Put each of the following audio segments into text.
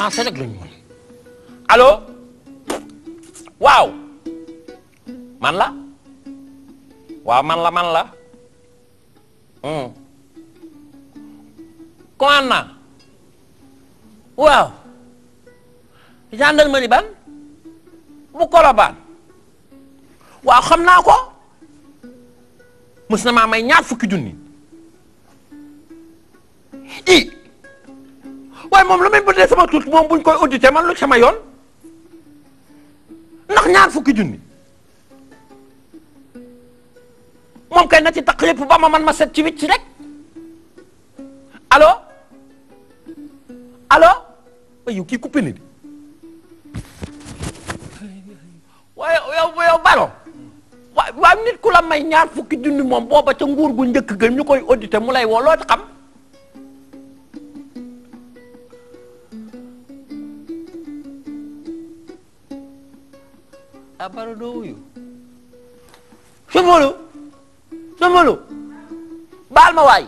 commencé rek lañ mën allo waaw man la waaw man la man la hmm. commande naa waaw gendarmerie ban bu Colobane waaw xam naa ko mës na maa may ñaar fukki junni waaye moom lu may bëddee sama tuut moom buñ koy audité man lu sama yoon ndax ñaar fukki junni moom kay na ci taq yëpp ba ma man ma set ci wicc rek allo allo ayu kii coupé ni di waaye yow yow balo waaw waaw nit ku la may ñaar fukki junni moom booba ca nguur gu njëkk ga ñu koy auditer mu lay woo loo xam abalodo wuyu somolo somolo baal ma waay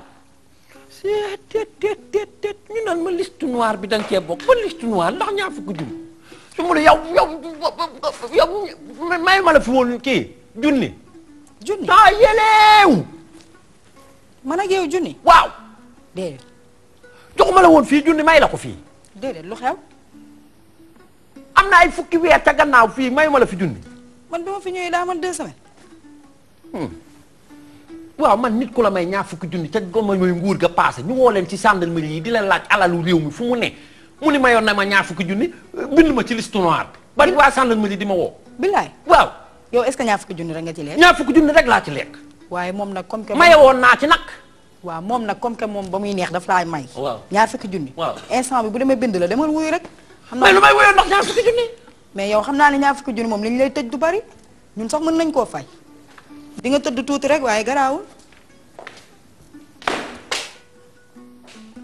seet teet teet teet ñu naan ma liste noire bi da kee cee bokk ba liste noire ndax ñaar fukki junni somolo yow yow yow may ma la fi woon kii junni junni ah yeleew man ak junni waaw déedéet joxuma la woon fii junni may la ko fii déedéet lu am na ay fukki weer ca gannaaw fii mayu ma la fi junni. man bi ma fi ñëwee daa man deux semaines. Hmm. waaw man nit ku la may ñaar fukki junni ca goma mooy nguur ga passé ñu woo leen ci gendarmerie yi di leen laaj alalu réew mi fu mu ne mu ni na ma ñaar fukki junni bind ma ci liste noire bi. bari waa gendarmerie di ma woo. billaay waaw. yow est-ce que ñaar rek nga ci lekk. ñaar fukki junni rek laa ci lekk. waaye moom nag comme que. woon naa ci waaw moom comme que moom ba muy neex daf laa may. waaw ñaar fukki junni. waaw instant bi bu demee bind la demal wuyu rek. xam naa lu may woyoon ndax ñaar fukki junni. mais yow xam naa ne ñaa fukki junni moom li ñu lay tëj du bari ñun sax mën nañ koo fay. di tëdd tuuti rek waaye garaawul.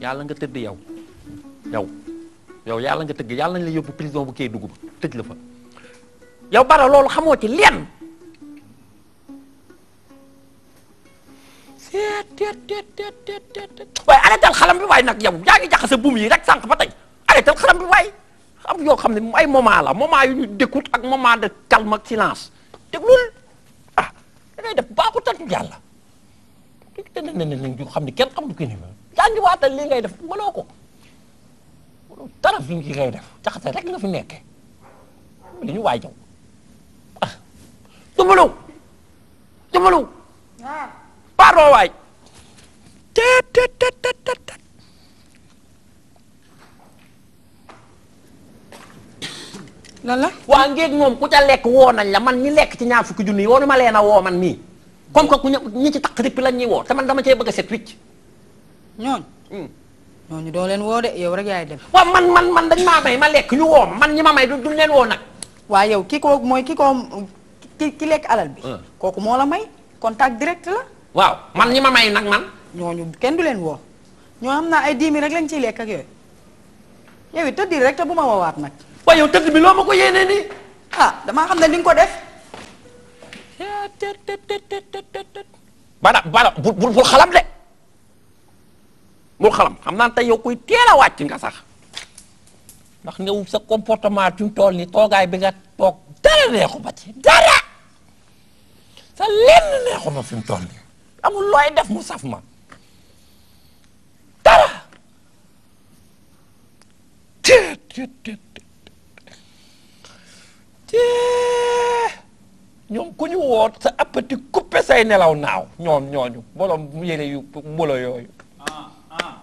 yàlla nga tëdd yow yow yow yàlla nga tëgg yàlla la yóbbu prison bu kee dugub tëj la fa yow bara loolu xamoo ci lenn. teet teet teet teet waaye nag yow yaa ngi jaxase buum yi rek sànq ba tey arrêtal xalam bi waay. am yoo xam ne ay moment la moment yu ñu d'écoute ak moment de calme ak silence déglul ah da ngay def baaxu tan yàlla te ne ne ne xam ne kenn xamul ko ni yaa ngi waatal li ngay def mënoo ko dara fi ngi ngay def jaxase rek nga fi nekkee li ñu waay jaw ah jëmbalaw ah. waay te te te te lan la waa ngéeg moom ku ca lekk woo nañ la man ñi lekk ci ñaar fukki junni yi woonu ma leen a woo man mii comme que ku ñi ci taq rippi lañ ñuy woo te man dama cee bëgg a set wicc ñooñ hmm. ñooñu doo leen woo de yow rek yaay dem waaw man man man dañ maa may ma lekk ñu woo man ñi ma may duñ leen woo nag waa yow ki ko mooy ki koo ki ki lekk alal bi hmm. kooku moo la may contact direct la waaw man ñi ma may nag man ñooñu kenn du leen woo ñoo xam naa ay dix mille rek lañ ciy lekk ak yooyu yow it rek te bu ma woowaat nag waaye yow tëdd bi loo ma ko yéenee nii. ah damaa xam ne ni nga ko def. bala bala bu bu bul xalam de bul xalam xam naa tey yow koy teel a nga sax ndax ñëw sa comportement fi mu toll nii toogaay bi nga toog dara neexu ma ci dara sa lenn neexu ma fi mu toll nii amul looy def mu saf ma dara. cee ñoom ku ñu woot sa appétit coupé say nelaw naaw ñoom ñooñu borom yére yu mbolo yooyu. ah ah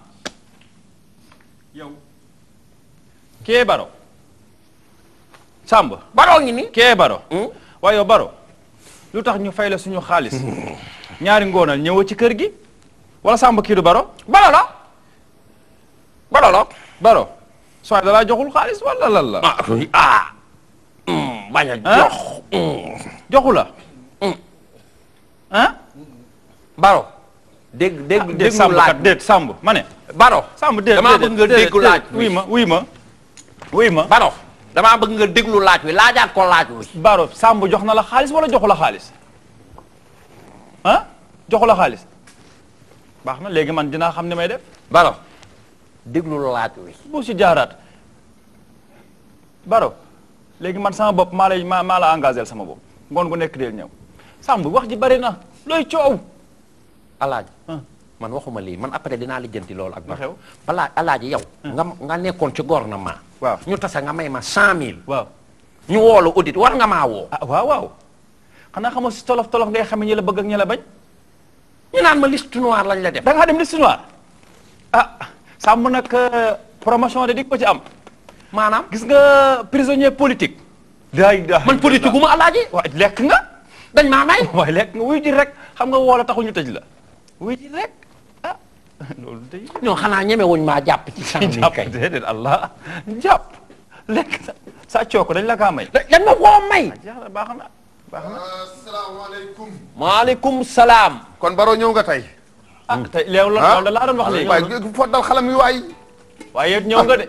yow. kee baro. Samba. baroo ngi ni kee hmm? baro. lu tax ñu fay la suñu xaalis. ñaari ngoonal ñëwoo ci kër gi. wala Samba kii du baro. baro la. baro la. baro. dalaa joxul xaalis wala lan la. Ah, ah. Hmm. bañ a jox. joxu la. ah. Baro. dég dégg dégg ah, sàmb kat déet ma ne. Baro sàmb déet damaa bëgg nga déglu laaj wi ma wi ma wi ma. Baro damaa bëgg nga déglu laaj wi laajaat ko laaj wi. Baro sàmb jox na la xaalis wala joxu la xaalis ah joxu la xaalis baax na léegi man dinaa xam ne may def. Baro déglu laaj wi. bu jaaraat Baro. léegi man sama bopp maa maa maa la engagé sama bopp ngoon gu nekk dee ñëw sàmb wax ji bari na looy coow. alaaji man waxuma lii man après dinaa lijjanti loolu ak ba balaa alaaji yow nga nga nekkoon ci gouvernement waaw ñu tase nga may ma cent mille ñu woolu audit war nga maa woo ah waaw waaw xanaa xamoo si tolof tolof ngay xame ñi la bëgg ak ñi la bañ ñu naan ma liste noire lañ la def da ngaa dem liste noire ah sàmm nag euh, promotion de di ko ci am maanaam gis nga prisonnier politique. day man politique ma alaaji waaye lekk nga dañ maa may waaye lekk nga wuy ji rek xam nga woola taxuñu tëj la wuy ji rek ah loolu day. non xanaa ñeme wuñ maa jàpp ci. sànq kay déedéet allah jàpp lekk sa cooko dañ la kaa may. dañ ma koo may. Ah, baax na baax na. asalaamaaleykum. Euh, maaleykum salaam. kon Baro ñëw nga tey. ah tey léew la ah. la laa doon wax léegi. waaye foddal xalam wi waay. waaye ñëw nga de.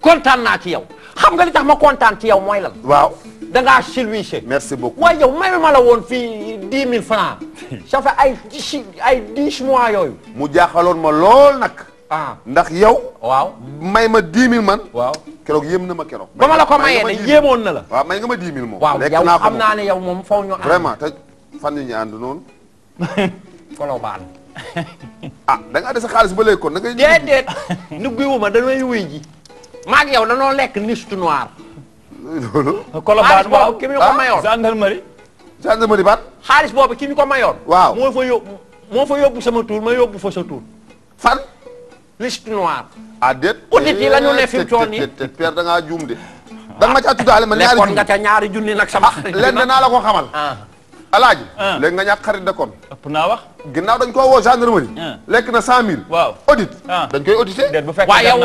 kontaan naa ci yow xam nga li tax ma kontaan ci yow mooy lan. waaw da ngaa silwiise. merci beaucoup mooy yow mayu ma la woon fii dix mille francs. ça ay dix ay dix mois yooyu. mu jaaxaloon ma lool nag. Ah. ndax yow. waaw may ma dix mille man. waaw keroog yéem na ma keroog. ba ma la ko mayee de yéemoon na la. waaw may nga ma dix mille moom. waaw yow xam naa ne yow moom faw ñu ànd. vraiment te fan yu ñu ànd noonu. Colobane. ah da nga ànd sa xaalis ba léegi kon da ngay. déedéet nuggiwu ma damay wuy ji. maa ak yow danoo lekk liste noire. loolu. Colobane waaw ki ñu ko ah? mayoon gendarmerie. gendarmerie baat. xaalis boobu ki ñu ko mayoon. waaw moo fa yóbbu moo fa yóbbu sama tur ma yóbbu fa sa tur. fan. liste noire. ah déet. audit yi la ñu ne fi mu toll nii te père da ngaa juum de. da nga ma caa tuddaale ma ñaari junni lekkoon nga ca ñaari junni nag sama. Ah, lenn naa la ko xamal. Ah. alaaji ah. léegi nga ñàkk xarit de kon ëpp naa wax ginnaaw dañ koo woo gendarmerie ah. lekk na cent mille waaw audit ah. dañ koy audité waaw yow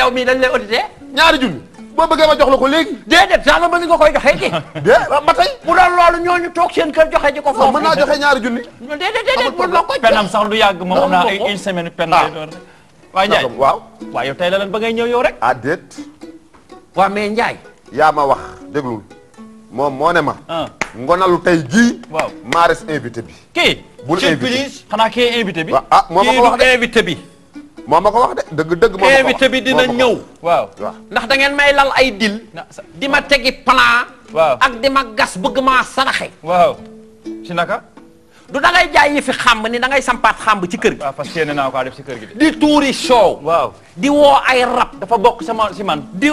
yow mii dañ lay audité ñaari junni boo bëggee ma jox la ko léegi déedéet ba nga koy joxee ki dé ba bu doon loolu ñooñu toog seen kër joxe ji ko foofu mën naa joxe ñaari junni déedéet déedéet yàgg moom am naa ay une semaine pen lay doon waaw waaw waaw yow tey ba ngay ñëw yow rek ah déet waaw mais Ndiaye yaa ma wax déglul moom moo ne ma. Ah. ngonalu tey jii. waaw maares invité bi. kii bul invité xanaa kii invité bi. ah moo ma ko wax de kii invité bi. moo ma ko wax de dëgg dëgg. moo ma ko wax invité bi dina ñëw. waaw ndax da ngeen may lal ay dil. di ma tegi plan. waaw ak di ma gas bëgg maa saraxe. waaw si naka. du da ngay jaay yi fi xàmb ni da ngay sampaat xàmb ci kër gi. waaw parce que yéen naa ko ci kër gi di tuuri soow. di woo ay rab. dafa bokk sama si man. di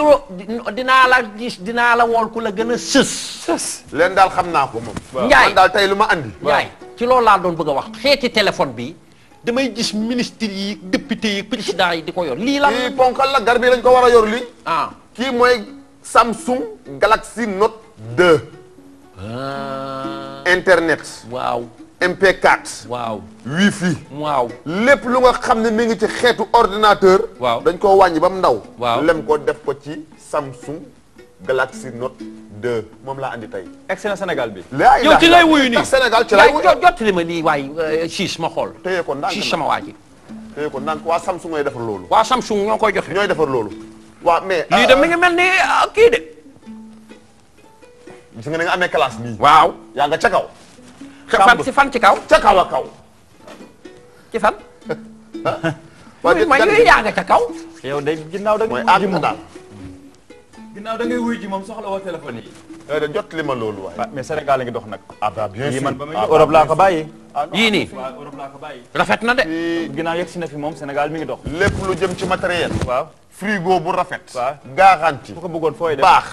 dinaa la gis dinaa la wool ku la gën a sës. sës leen daal xam naa ko moom. waaw lu ma andi. Ndiaye ci loolu laa doon bëgg a wax. xeeti téléphone bi damay gis ministres yi député yi président yi di ko yor lii la. lii ponkal la gar bi ko war a yor lii. ah kii mooy Samsung Galaxy Note 2. Ah. internet. waaw. MP4. waaw wifi. waaw lépp lu nga xam ne mi ngi ci xeetu ordinateur. waaw dañ koo wàññi ba mu ndaw. waaw lem ko def ko ci Samsung Galaxy Note de moom laa andi tey. excellent Sénégal bi. yow ci lay wuyu nii Sénégal ci lay wuyu jot jot li ma nii waay siis euh, ma xool. téye ko ndànk siis waa ji. téye ko ndànk waa Samsung ñooy defar loolu. waa Samsung ñoo koy joxe. ñooy defar loolu. waa mais. lii de euh, mi ngi mel ni euh, kii de. gis nga ne nga amee classe nii. waaw yaa nga ca kaw. fan si fan ci kaw. ca kaw a kaw. ci fan. waa jërëjëf man yooyu kaw. yow de ginnaaw da ngay wuyu ji moom ginnaaw da ngay moom soxla woo téléphone yi. da jot li ma loolu waaye. mais Sénégal a ngi dox nag. ah bah bien sûr man Europe laa ko bàyyi. yii nii bàyyi. rafet na de. ginnaaw yegg si na fi moom senegal mi ngi dox. lépp lu jëm ci matériel. waaw frigo bu rafet. waaw garanti. ku ko bëggoon fooy def baax.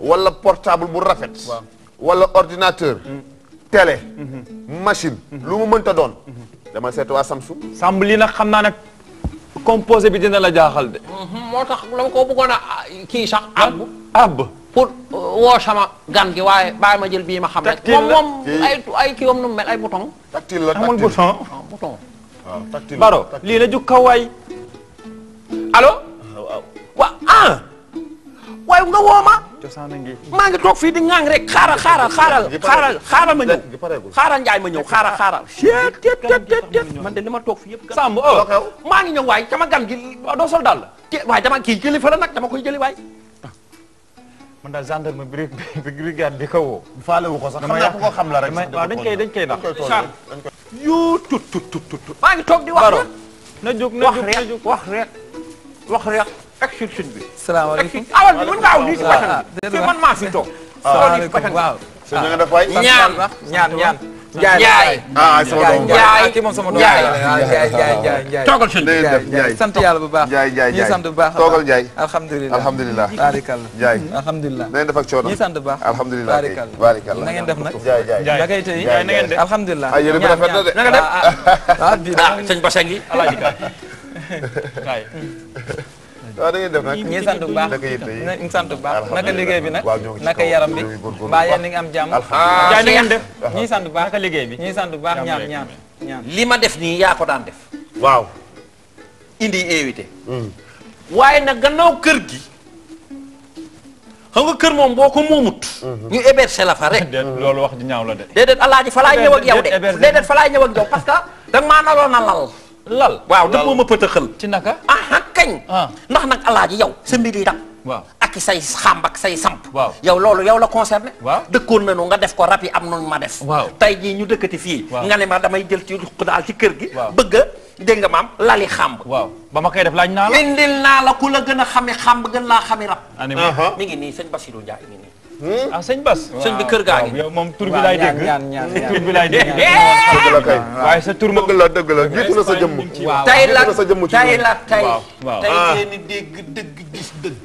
wala portable bu rafet. wala ordinateur. Mm. télé. machine. lu mu mënta doon. dama seet waa Samsung. Samb lii nag xam naa nag composé bi dina la jaaxal de. Mhm, moo tax dama ko bëggoon a ah, kii sax. àbb ah, àbb. pour euh, woo sama gan gi waaye bàyyi ma jël bii ma xam rek. moom moom ay ay kii am nu mu mel ay bouton. tactile la tactile amul bouton. Ah, bouton. waaw tactile baro lii la jukkawaay. allo. waaw ah. waaye nga woo a ngi. maa ngi toog fii di ŋang rek xaaral xaaral xaaral. xaaral xaaral ma ñëw njaay ma ñëw xaaral xaaral. teet teet teet teet man de ma toog fii yëpp. sàmm oo oh. maa ngi ñëw waay sama gan gi doo sol daal la. te waaye dama kii kilifa la nag dama koy jëli waay. man daal gendarme bi bi brigade bi ko woo. faale wu ko sax xam naa ko xam la rek. waaw dañ koy dañ koy nax. yoo tut tut tut tut. maa ngi toog di wax rek. na jóg na jóg na jóg wax rek wax rek. ak suñ suñ bi. salaamaaleykum ak awal bi mën ngaa aw nii si bàttal bi. man maa fi toog. salaamaaleykum ah. waaw. sëñ bi nga def waay. ñaan ñaan ñaan. Njaay ah sama doom Njaay kii moom sama doom Njaay Njaay Njaay toogal sëñ bi sant yàlla bu baax Njaay Njaay ñii sant bu baax toogal Njaay alhamdulilah alhamdulilah barikalla Njaay hmm, alhamdulilah na ngeen def ak coono ñii sant bu baax alhamdulilah barikalla barikalla na ngeen def nag Njaay Njaay da ngay tey na ngeen def alhamdulilah ay ah, yéen rafet na de na nga def ah, ah. sëñ Basse ngi alaaji kaay waaw da ngeen def nag ñu sant baax naka liggéey bi nag naka yaram bi mbaa yéen a ngi am jàmm jaay na ngeen def ñuy baax naka liggéey bi ñuy sant bu baax ñaan ñaan ñaan ma def nii yaa ko daan def waaw indi invité hmm. waaye nag gannaaw kër gi xam nga kër moom boo ko moomut hmm. ñu héberger la fa rek loolu wax ji ñaaw la de hmm. déedéet alaaji fa laay ñëw ak yow de déedéet fa laay ñëw ak yow parce que danga maa naroon a lal lal waaw dëppoo ma pëtëxal ci naka ah, ah. kañ. Ah. ndax nag alaaji yow sa mbir yi dam waaw ak say xàmb ak say samp. waaw yow loolu yow la concerné. waaw na nañu nga def ko rab yi am nañu ma def. waaw tey jii ñu dëkkati fii. nga ne ma damay jël ci ruq daal ci kër gi. bëgg a dégg nga maam lali xàmb. waaw ba ma koy def laaj naa la. indil naa la ku la gën a xami xàmb gën laa xami rab. mi ngi nii sëñ Bassirou Ndiaye mi ngi nii. ah sëñ Bas. sëñ bi kër gaa ngi. moom tur bi laay dégg waaye sa tur moom dëgg la jiitu na sa jëmm. waaw tey la tey la tey. dëgg gis dëgg.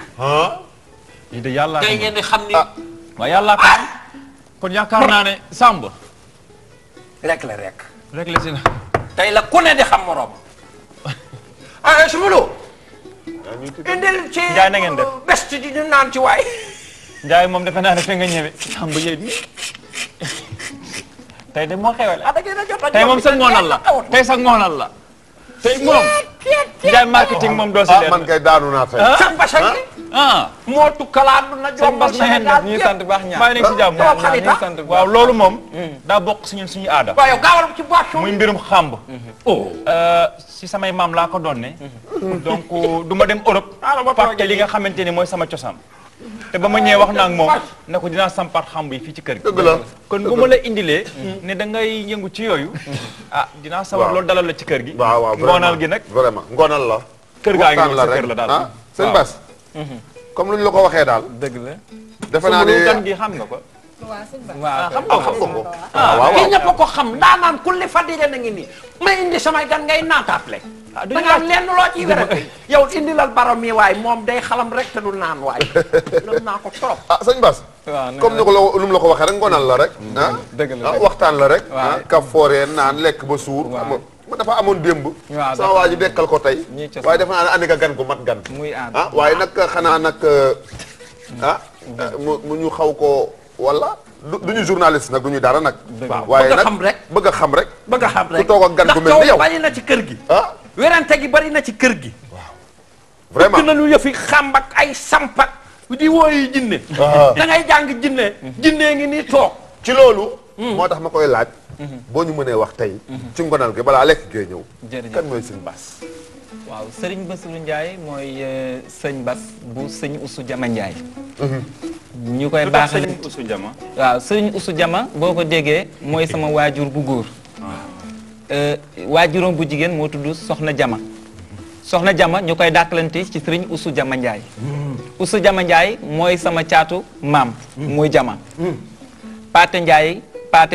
lii de yàlla tey ngeen di xam ni. yàlla ko am kon yaakaar naa ne Samb. rek la la si na. tey la ku ne di xam morom. ah Soumalo. indil ci. jaay na naan ci waay. Ndiaye moom defe naa ne fi nga ñëwee. Samba yéen mi tey de moo xewal tey moom sa ngoonal la tey sa ngoonal la tey moom. Ndiaye marketing moom doo si leen ah, man kay daanu naa ah? ah? na jox ko sant baax ñaar bàyyi nañ si jàmm ñuy sant waaw loolu moom hmm. daa bokk si ñun suñu aada waaw yow gaawal ci boisson muy mbirum xàmb oh. euh, si samay maam laa ko doon ne hmm. donc du ma dem Europe fàtte li nga xamante ni mooy sama cosaan te ba ma ñëwee wax naa ak moom ne ko dinaa sampaat xam yi fii ci kër gi. dëgg la kon bu ma la indilee. Mm. ne da ngay yëngu ci yooyu. ah dinaa sawar loolu dalal la ci kër gi. waaw waaw ngoonal gi nag. vraiment ngoonal la. kër gaa ngi sa kër la daal ah sëñ Bass. Mm-hmm. comme lu la ko waxee daal. dëgg la defe naa ne kan gi xam nga ko. waaw sëñ Ba waaw ah, ah, xam nga ko ah, waaw waaw waaw kii ko xam daanaan kulli fadile na ngi nii ma indi samay gan ngay naataatle. Ah, da nga am lenn loo ciy werante yow indilal baram yi waaye moom day xalam rek te du naan waay loolu naa ko trop ah, comme ni la lu la ko waxee rek ngonal la rek mm, ah, ah waxtaan la rek ka fooree naan lekk ba suur ma dafa amoon démb sama waa ji dekkal ko tey waaye def naa ne andi nga gan gu mat gan ah waaye nag xanaa nag euh, mm. ah euh, mu ñu xaw ko wala du ñu journaliste nag du ñu dara nag waaye nag bëgg a xam rek bëgg a xam rek ku toog ak gan gu mel ni yow bari na ci kër gi ah werante gi bari na ci kër gi. waaw vraiment bëgg nañu yëfi xàmbak ay sampak di wooyi jinne da ngay jàng jinne jinne ngi nii toog. ci loolu. Hmm. moo tax ma koy laaj. Hmm. boo ñu mënee wax tey. Hmm. ci ngonal gi balaa lekk gee ñëw. kan mooy sëñ Bass. waaw sëriñ Bassirou Ndiaye mooy euh, sëñ Bass bu sëñ Usu Jama Ndiaye. Mhm. ñu koy baax. lu tax sëñ Usu Jama. waaw sëriñ Usu Jama boo ko déggee mooy sama waajur bu góor. Ah. Euh, waajuram bu jigéen moo tudd Soxna Jama Soxna Jama ñu koy dàkkalante ci sëriñ Usu Jama Njaay mm. Usu Jama Njaay mooy sama caatu maam mooy mm. Jama mm. Paate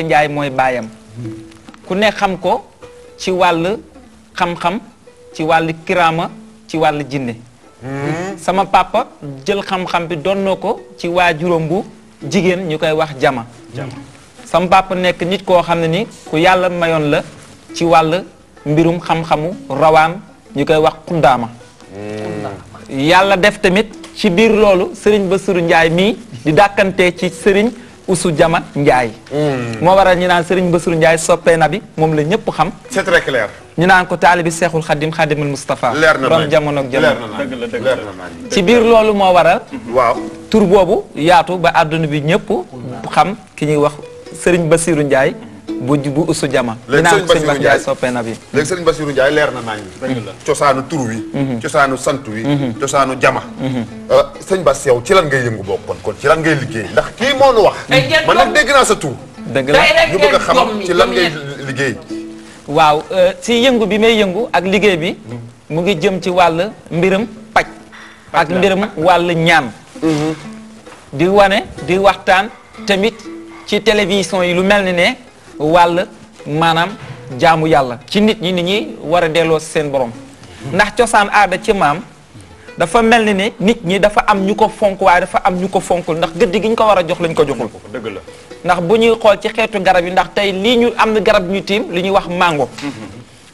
Njaay mooy baayam ku ne xam ko ci wàll xam-xam ci wàll kiraama ci wàll jinne sama papa jël xam-xam bi donnoo ko ci waajuram bu jigéen ñu koy wax Jama sama papa nekk nit koo xam ne ni ku yàlla mayoon la ci wàll mbirum xam-xamu rawaan ñu koy wax xundaama yàlla def tamit ci biir loolu sëriñ Bassirou Ndiaye mii di dàkkantee ci sëriñ Usu Jama Ndiaye hmm. moo waral ñu naan sëriñ Bassirou Ndiaye soppee na bi moom la ñëpp xam c'est ñu naan ko taalibi Seexul Xadim Xadimul Mustafa borom jamono ak jamono ci biir loolu moo waral waaw tur boobu yaatu ba àdduna bi ñëpp xam ki ñuy wax sëriñ Bassirou Ndiaye bu bu usu jama léegi sëñ Bassirou Ndiaye soppe na bi léegi sëñ Bassirou Ndiaye leer na nañ cosaanu tur wi mhm. cosaanu sant wi mhm. cosaanu jama mhm. euh, sëñ Bass yow ci lan ngay yëngu bokk kon kon ci lan ngay liggéey ndax kii moo wax man nag dégg naa sa tur dëgg la ñu bëgg a xam ci lan ngay liggéey waaw si euh, yëngu bi may yëngu ak liggéey bi mu ngi jëm ci wàll mbirum paj ak mbirum wàll ñaan di wane di waxtaan tamit ci télévision yi lu mel ni ne wàll maanaam jaamu yàlla ci nit ñi ni ñuy war a delloo seen borom ndax cosaan aada ci maam dafa mel ni ne nit ñi dafa am ñu ko fonk waaye dafa am ñu ko fonkul ndax gëdd gi ñu ko war a jox lañ ko joxul dëgg la ndax bu ñuy xool ci xeetu garab yi ndax tey lii ñu am na garab ñu tiim li ñuy wax mango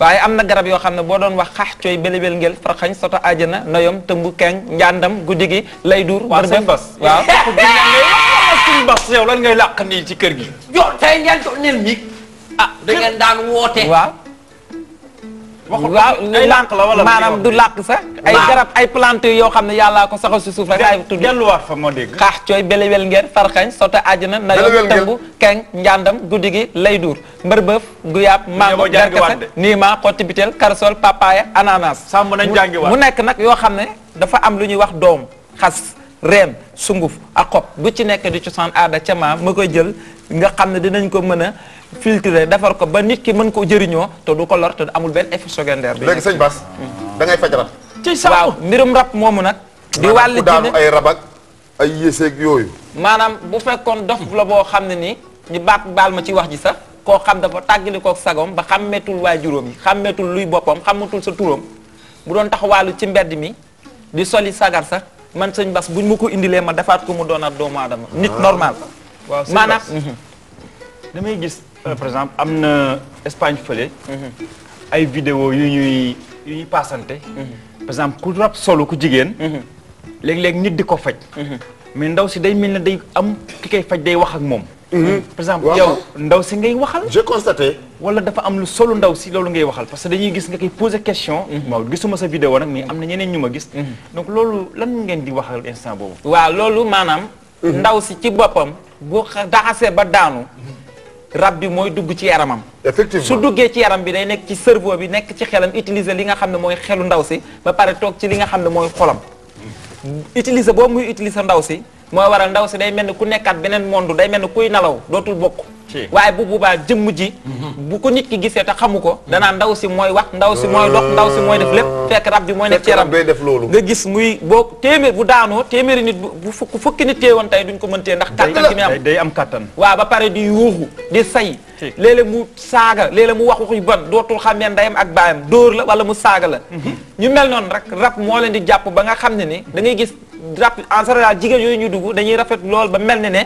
waaye am na garab yoo xam ne boo doon wax xaax cooy ngeel ngel xañ soto ajana noyom tëmbu keng njàndam guddi gi lay duur bër waaw suñu bas yow lan ngay làq nii ci kër gi. jo tey ngeen jox nel mi. ah da ngeen daan woote. waaw. la wala maanaam du làq sax. ay garab ay plante yoo xam ne yàllaa ko saxal si suuf rek. ay tudd delluwaat fa moo dégg. xaax cooy belewel ngeen farxañ soto àjjana. belewel ngeen na keng njàndam guddi gi lay duur. mbërbëf guyaab mango berkese niima xotti biteel karasol papaya ananas. sàmm nañ mu nekk nag yoo xam ne dafa am lu ñuy wax doom xas reem sunguf ak xob bu ci nekk di cosaan aada ca maam ma koy jël nga xam ne dinañ ko mën a filtrer defar ko ba nit ki mën ko jëriñoo te du ko lor te amul benn effet secondaire bi léegi sëñ Bass da ngay faj rab ci sa waaw mbirum rab moomu nag di wàll ci daanu ay rab ak ay yéeseeg yooyu maanaam bu fekkoon dof la boo xam ne ni ñu baat baal ma ci wax ji sax koo xam dafa tàggali kook sagom ba xàmmeetul waay juróom yi xàmmeetul luy boppam xamatul sa turam mu doon wàllu ci mbedd mi di soli sagar sax man sëñ bu buñ ma ko indilee ma defaat ko mu doonaat doomu aadama. nit normal. waaw maanaam. damay gis euh, par exemple am na Espagne fële. Mhm. ay vidéo yu ñuy yu ñuy paasante. Mhm. par exemple ku rab solo ku jigéen. Mhm. léeg-léeg nit di ko faj. mais ndaw si day mel ne day am ki koy faj day wax ak moom. Mm-hmm. par exemple yow ndaw si ngay waxal. j'ai constaté. wala dafa am lu solo ndaw si loolu ngay waxal parce que dañuy gis nga koy poser question. Mm-hmm. waaw gisuma sa vidéo nag mais am na ñeneen ñu ma gis. Mm-hmm. donc loolu lan ngeen di waxal instant boobu. waaw loolu maanaam. ndaw si ci boppam. boo daxasee ba daanu. rab bi mooy dugg ci yaramam. effectivement su duggee ci yaram bi day nekk ci cerveau bi nekk ci xelam utiliser li nga xam ne mooy xelu ndaw si ba pare toog ci li nga xam ne mooy xolam. utiliser boobu muy utiliser ndaw si. mooy waral ndaw si day mel ni ku nekkaat beneen monde day mel ni kuy nalaw dootul bokk waaye bu boobaa jëmm ji mhm. bu ko nit ki gisee te xamu ko danaa mhm. ndaw si mooy wax ndaw si mooy dox ndaw si mooy def lépp ah. fekk rab bi mooy nekk ci yaram def nga gis muy boo téeméer bu daanoo téeméeri nit bu fukk fukki nit woon tey duñ ko mën tee ndax kàttan gi muy am day am kàttan waaw ba pare di yuuxu di say léeg mu saaga léeg mu wax wax yu bon dootul xam ne ndeyam ak baayam dóor la wala mu saaga la mhm. ñu mel noonu rek rab moo leen di jàpp ba nga xam ne ni da ngay gis rafet en jigéen yooyu ñuy dugg dañuy rafet lool ba mel ni ne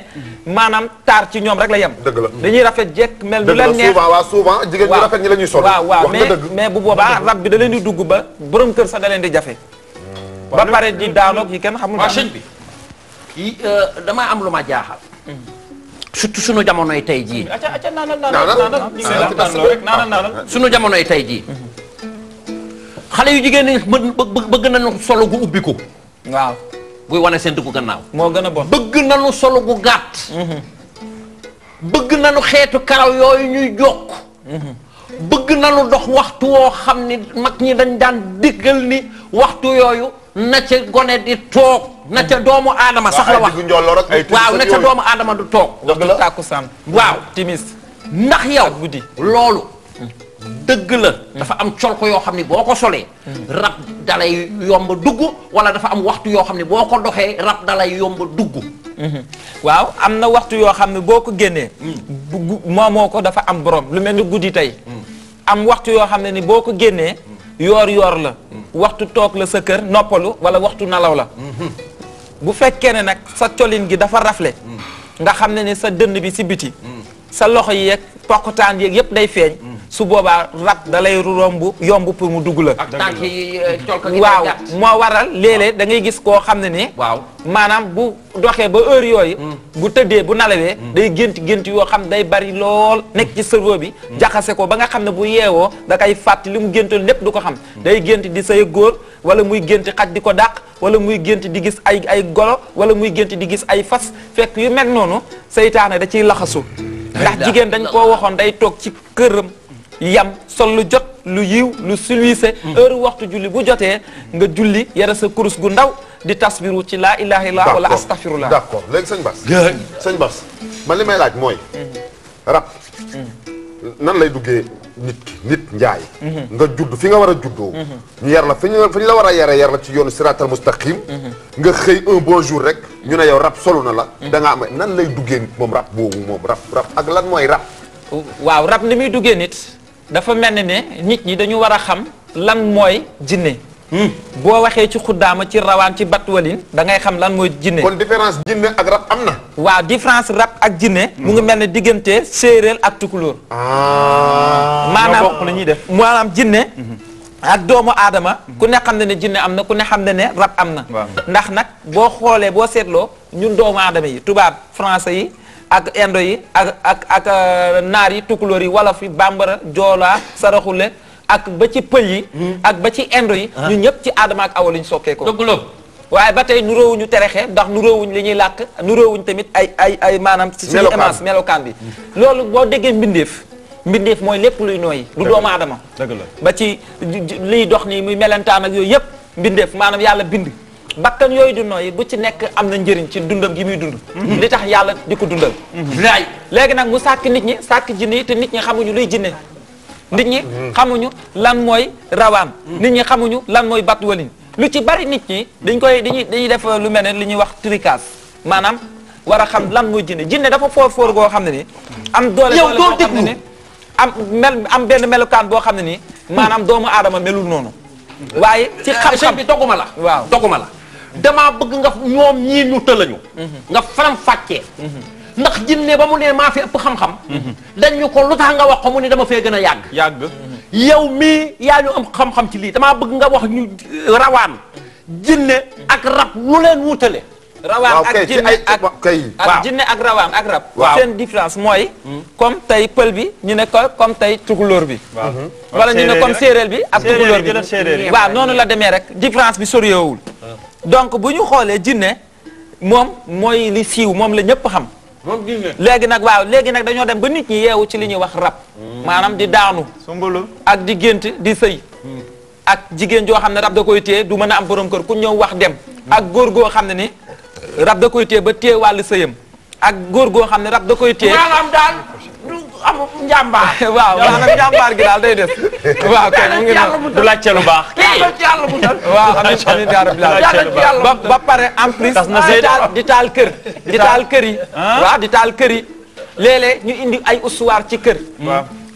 maanaam taar ci ñoom rek la yem dëgg la dañuy rafet jekk mel lu leen neex waaw souvent jigéen ñi rafet ñi la ñuy sol waaw waaw mais mais bu boobaa rab bi da di dugg ba borom kër sax da leen di jafe hmm. ba pare di daanoog yi kenn xamul sëñ bi kii euh, damaa am lu ma jaaxal surtout sunu jamonoy tey jii sunu jamonoy tey jii hmm. xale yu jigéen ñi bëgg nañu solo gu ubbi ko buy wane seen dugg gannaaw. moo gën a bon bëgg nanu solo gu gàtt. Mm-hmm. bëgg nanu xeetu karaw yooyu ñuy jokk. Mm-hmm. bëgg nanu dox waxtu woo xam ni nag ñi dañ daan diggal ni waxtu yooyu na ca gone di toog. na ca mm-hmm. doomu adama sax la wax waaw na ca doomu aadama du toog. dëgg la takkusaan waaw timis ndax yow loolu. dëgg la mm. dafa am colk yoo xam ni boo ko solee mm. rab dalay yomba dugg wala dafa am waxtu yoo xam ne boo ko doxee rab dalay yomba dugg mm-hmm. waaw am na waxtu yoo xam ne boo ko génnee mm. moo moo ko dafa am borom lu mel ni guddi tey am waxtu yoo xam ne ni boo ko génnee yoor yoor la waxtu toog la sa kër noppalu wala waxtu nelaw la mm-hmm. bu fekkee ne nag sa colin gi dafa rafle nga xam ne ni sa dënn bi si biti sa loxo yi yeeg poqtaan yeeg yépp day feeñ su boobaa rab da lay romb yomb pour mu dugg la. ak tànk yi euh, col waaw moo waral léeg-léeg da ngay gis koo xam ne ni. waaw maanaam bu doxee ba heure yooyu. Mm. bu tëddee bu nalawee. Mm. day gént gént yoo xam day bari lool nekk ci cerveau bi. Mm. jaxase ko ba nga xam ne bu yeewoo da koy fàtt li mu géntoon lépp du ko xam. day gént di say góor wala muy gént xaj di ko dàq wala muy gént di gis ay ay golo wala muy gént di gis ay fas fekk yu meg noonu seytaane da ciy laxasu. ndax jigéen dañ koo waxoon day toog ci këram. yam sol lu jot lu yiw lu sulwise mm. heure waxtu julli bu jotee nga julli yara sa kurus gu ndaw di tasbiru ci laa ilaha illallah wala astafirullah d'accord léegi sëñ Bas sëñ Bas man li may laaj mooy mm-hmm. rab mm-hmm. nan lay duggee nit ki nit njaay mm-hmm. nga judd fi nga war a juddoo ñu yar la fi ñu fi la war a yare yar la ci yoonu siratal mustaqim nga xëy un bon jour rek ñu ne yow rab solu na la danga nga am nan lay duggee nit moom rab boobu moom rab rab ak lan mooy rab waaw rab ni muy duggee nit dafa mel ni ne nit ñi dañu war a xam lan mooy jinne hmm. boo waxee ci xuddaama ci rawaan ci batwalin da ngay xam lan mooy jinne kon différence jinne ak rab am na waaw différence rab ak jinne mu ngi mel ne diggante séeréer ak tukulóor ah. maanaam la ñuy def maanaam jinne hmm. ak doomu aadama ku ne xam ne ne jinne am na ku ne xam ne ne rab am na ndax nag boo xoolee boo seetloo ñun doomu aadama yi tubaab français yi ak indo yi ak ak ak euh, naar yi tukulóor yi wolof yi bambara joolaa saraxule ak ba ci pël yi hmm. ak ba ci indo yi ah. ñu ñëpp ci aadama ak awa luñ ñu sokkee ko waaye ba tey tere terexe ndax nuróowuñ li ñuy làkk nuróowuñ tamit ay ay ay maanaam ci suñu melokaan bi loolu boo déggee mbindeef mbindeef mooy lépp luy nooy du doomu aadama ba ci liy dox nii muy melentaan ak yooyu yëpp mbindeef maanaam yàlla bind bakkan yooyu du di yi bu ci nekk am na njëriñ ci dundam gi muy dund li tax yàlla di ko dundal laay léegi nag mu sàkk nit ñi sàkk jinne yi te nit ñi xamuñu luy jinne nit ñi xamuñu lan mooy rawaam nit ñi xamuñu lan mooy bat walin lu ci bari nit ñi dañ koy dañuy dañuy def lu mel ne li ñuy wax tricas maanaam war a xam lan mooy jinne jinne dafa foor foor goo xam ne ni am doole yow doo am mel am benn melukaan boo xam ne nii maanaam doomu aadama melul noonu waaye ci xam bi dogguma la waaw dogguma la damaa bëgg nga ñoom ñii ñu tëlañu nga faram fàccee ndax jinne ba mu ne maa fi ëpp xam-xam dañ ñu ko lu tax nga wax ko mu ne dama fee gën a yàgg yàgg yow mii yaa ñu am xam-xam ci lii damaa bëgg nga wax ñu euh, rawaan jinne ak rab lu leen wutale rawaan ak jinne ak ak jinne ak rawaan ak rab waa différence mooy hmm. comme tey pël bi ñu ne ko comme tey tukulóor bi wala hmm. ñu ne comme séeréer bi ak tukulóor bi waaw noonu la demee rek différence bi soriwul hmm. donc bu ñu xoolee jinne moom mooy li siiw moom la ñëpp xam. léegi nag waaw léegi nag dañoo dem ba nit ñi yeewu ci li ñuy wax rab. Hmm. maanaam di daanu. ak di gént di sëy. Hmm. ak jigéen joo xam ne rab da koy téye du mën a am borom kër ku ñëw wax dem. Hmm. ak góor goo xam ne ni rab da koy téye ba téye wàllu sëyam. ak góor goo xam ne rab da koy téye. maanaam daal amul njàmbaar. waaw waaw nag njàmbaar gi daal day des. waaw kay la ngi noonu du laajte lu baax. kii waaw amiin amiin yaa rabbi ba ba pare en di taal kër. di taal kër yi. waaw di taal kër yi. léeg ñu indi ay ustuwaar ci kër.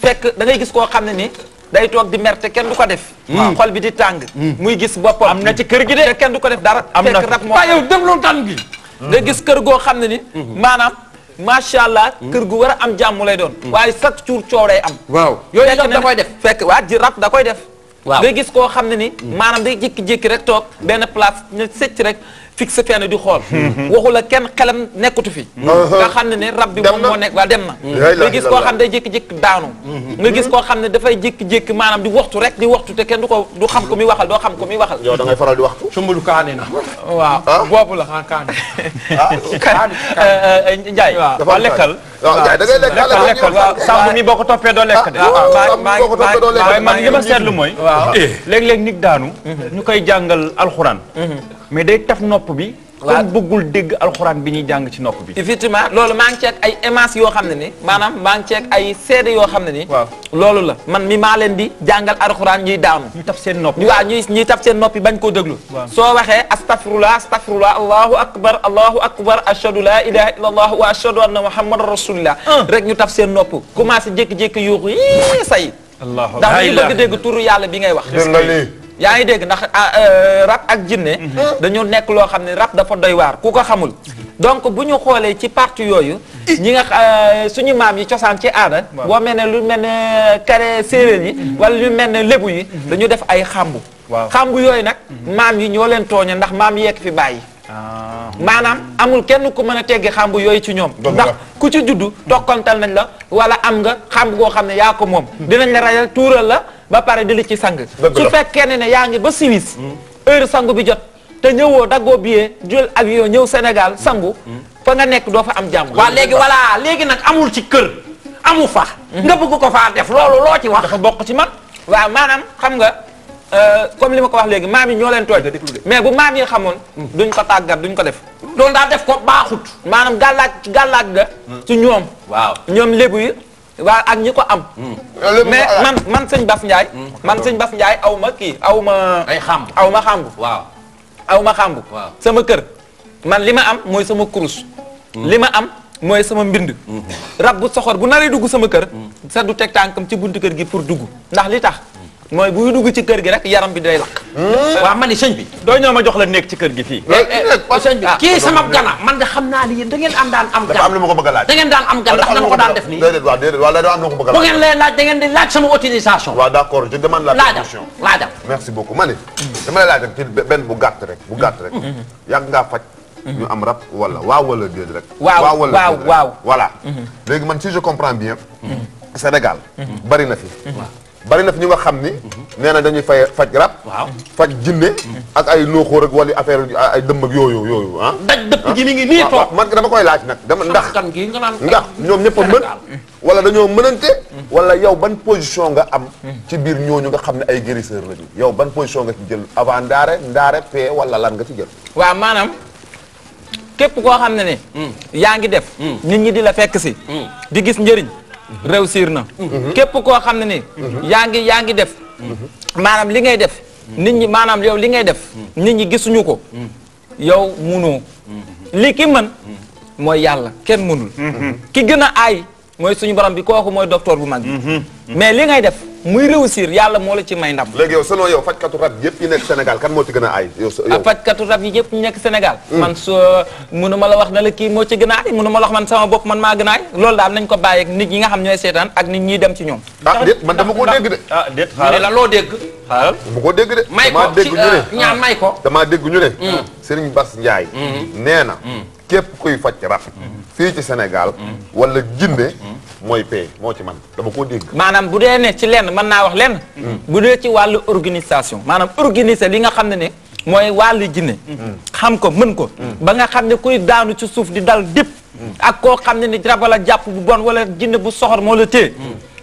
fekk da ngay gis koo xam ne ni. day toog di merte kenn du ko def. mu hmm. xol bi di tàng. Hmm. muy gis boppam. am na ci kër gi de. te kenn du ko def dara. am na fekk rab moo. waaw yow dem loolu gis kër goo xam ne ni. Hmm. maanaam. macha allah. Hmm. kër gu war a am jàmm lay doon. Hmm. waaye chaque jour coow day am. waaw yooyu rab da koy def fekk waa ji rab da koy def. waaw ngay gis koo xam ne ni. Hmm. maanaam day jékki-jékki rek toog benn place ñu sëcc rek. fixé fenn di xool hmm, hmm. waxu la kenn xelam nekkatu fi uh-huh. nga xam ne ne rab bi moom moo nekk waa dem na nga gis koo xam ne day jékki-jékki daanu hmm, nga gis koo xam ne dafay jékki-jékki maanaam di waxtu rek di waxtu te kenn du ko xam ko muy waxal doo xam ko muy waxal yow da ngay faral di waxtu sumbalu kaani na waaw ah? boobu la ah kaani ah? Ndiaye eh, eh, eh, waaw lekkal waaw Ndiaye da ngay lekkal lekkal waaw sàmm mi boo ko toppee doo lekk de waaye ah, man li ma seetlu mooy léeg-léeg nit daanu mhm. ñu koy jàngal alxuraan mhm. mais day taf nopp bi. waaw bëggul dégg alxuraan bi ñuy jàng ci nopp bi. effectivement loolu maa ngi ay émence yoo xam ne ni maanaam maa ngi ceeg ay seede yoo xam ne ni. waaw loolu la man mi maa leen di jàngal alxuraan ñuy daanu. ñu taf seen nopp waaw ñuy ñuy taf seen nopp bañ koo déglu. soo waxee astafurlah astafurlah allahu akbar allahu akbar ashadu la ilaha illallah wa ashadu anna muhammadan rasulillah. rek ñu taf seen nopp commencé jékki-jékki yuuxu yii say. allahu ndax ñu bëgg dégg turu yàlla bi ngay wax. yaa ngi dégg ndax ah, euh, rab ak jinne mhm. dañu nekk loo xam ne rab dafa doy waar ku ko xamul mhm. donc bu ñu xoolee ci parti yooyu ñi nga euh, suñu maam yi cosaan ci aada boo mel ne lu mel ne kare séeréer yi mhm. wala lu mel ne lébu yi dañu def ay xàmbu xàmbu yooyu nag maam yi ñoo leen tooña ndax maam yeek fi bàyyi Ah. maanaam amul kenn ku mën a teggi xàmb yooyu ci ñoom ndax ku ci juddu tokkantal nañ la wala am nga xàmb goo xam ne yaa ko moom hmm. dinañ la rayal tuural la ba pare di li ci sang su fekkee ne ne yaa ngi ba Suisse hmm. heure sangu bi jot te ñëwoo daggoo billet jël avion ñëw senegal sangu hmm. fa nga nekk doo fa am jàmm waa léegi voilà léegi nag amul ci kër amu fa nga bëgg ko faa def loolu loo ci wax dafa bokk ci man waaw maanaam xam nga Euh, comme li ma ko wax léegi maam yi ñoo leen tooy mais bu maam yi xamoon hmm. duñ ko tàggat duñ ko def loolu daal def ko baaxut maanaam gàllaaj ci gàllaaj ga hmm. ci ñoom waaw ñoom lébu yi waa ak ñi ko am hmm. mais man man sëñ Bas Ndiaye man sañ Bas Ndiaye aw ma kii aw ma ay xàmb aw ma xàmb waaw aw ma xàmb sama kër man li ma am mooy sama kurus li ma am mooy sama mbind rab bu soxoor bu naree dugg sama kër sa du teg tànkam ci buntu kër gi pour dugg ndax li tax mooy buy dugg ci kër gi rek yaram bi day lakk. Hmm? waaw ma ni sëñ bi. doo ñëw ma jox la nekk ci kër gi fii. Eh, eh, eh, sëñ bi ah, kii sama man de xam naa ni yéen da ngeen am daan am. gan am lu ko bëgg a laaj da ngeen daan am gan ndax nan ko daan def nii. déedéet waaw déedéet waaw dafa a laaj. bu ngeen lay laaj da ngeen laaj sama autorisation. waaw d'accord je demande la permission. laajal merci beaucoup ma ni. dama lay laaj rek ci benn bu gàtt rek mm-hmm. faj. ñu am rab wala waaw wala déedéet rek. waaw waaw waaw voilà mm-hmm. léegi man si je comprends bien mm-hmm. Sénégal bari na fi bari na fi ñu nga xam ni. nee na dañuy fay faj rab. waaw faj jinne ak ay nooxóor ak wala affaire ay dëmm ak yooyu yooyu ah. daj dëpp gi mi ngi nii ah, toog man dama koy laaj nag. dama ndax ndax ñoom ñëpp a mën. wala dañoo mënante. wala yow ban position nga am. ci biir ñooñu nga xam ne ay guérisseur lañu. yow ban position nga ci jël avant ndaare ndaare pee wala lan nga ci jël. waaw maanaam képp koo xam ne ne. Hmm. yaa ngi def. Hmm. nit ñi di la fekk si. Hmm. di gis njëriñ. réussir na képp koo xam ne ni yaa ngi yaa ngi def maanaam li ngay def nit ñi maanaam yow li ngay def nit ñi gisuñu ko yow munoo li ki mën mooy yàlla kenn mënul ki gën a aay mooy suñu borom bi kooku mooy docteur bu mag bi mm-hmm. Mm-hmm. mais li ngay def muy réussir yàlla moo la ci may ndam léegi yow selon yow fajkatu rab yëpp yi nekk Sénégal a aay yow ah, fajkatu rab yi yëpp ñu nekk Sénégal mm. man su euh, mënu ma la wax ne la kii moo ci gën a aay mënu ma la wax man sama bopp man maa gën a daal nañ ko bàyyi ak nit ñi nga xam ñooy seetaan ak nit ñi dem ci ñoom ah déet man dama koo dégg de ah déet xaaral loo dégg xaaral dama koo dégg de may ko dégg ñu ne euh, ñaa may ko damaa dégg ñu ne mm. Serigne Bass Ndiaye mm-hmm. nee na mm. képp kuy faj rab fii ci Sénégal. wala jinne mooy paix moo ci man dama koo dégg. maanaam bu dee ne ci lenn man naa wax lenn. Hmm. bu dee ci wàllu organisation maanaam organiser li nga xam ne ne. mooy wàllu jinne hmm. xam ko mën ko. Hmm. ba nga xam ne kuy daanu ci suuf di dal dip ak koo xam ne ni rabal a jàpp bu bon wala jinne bu soxor moo la téye.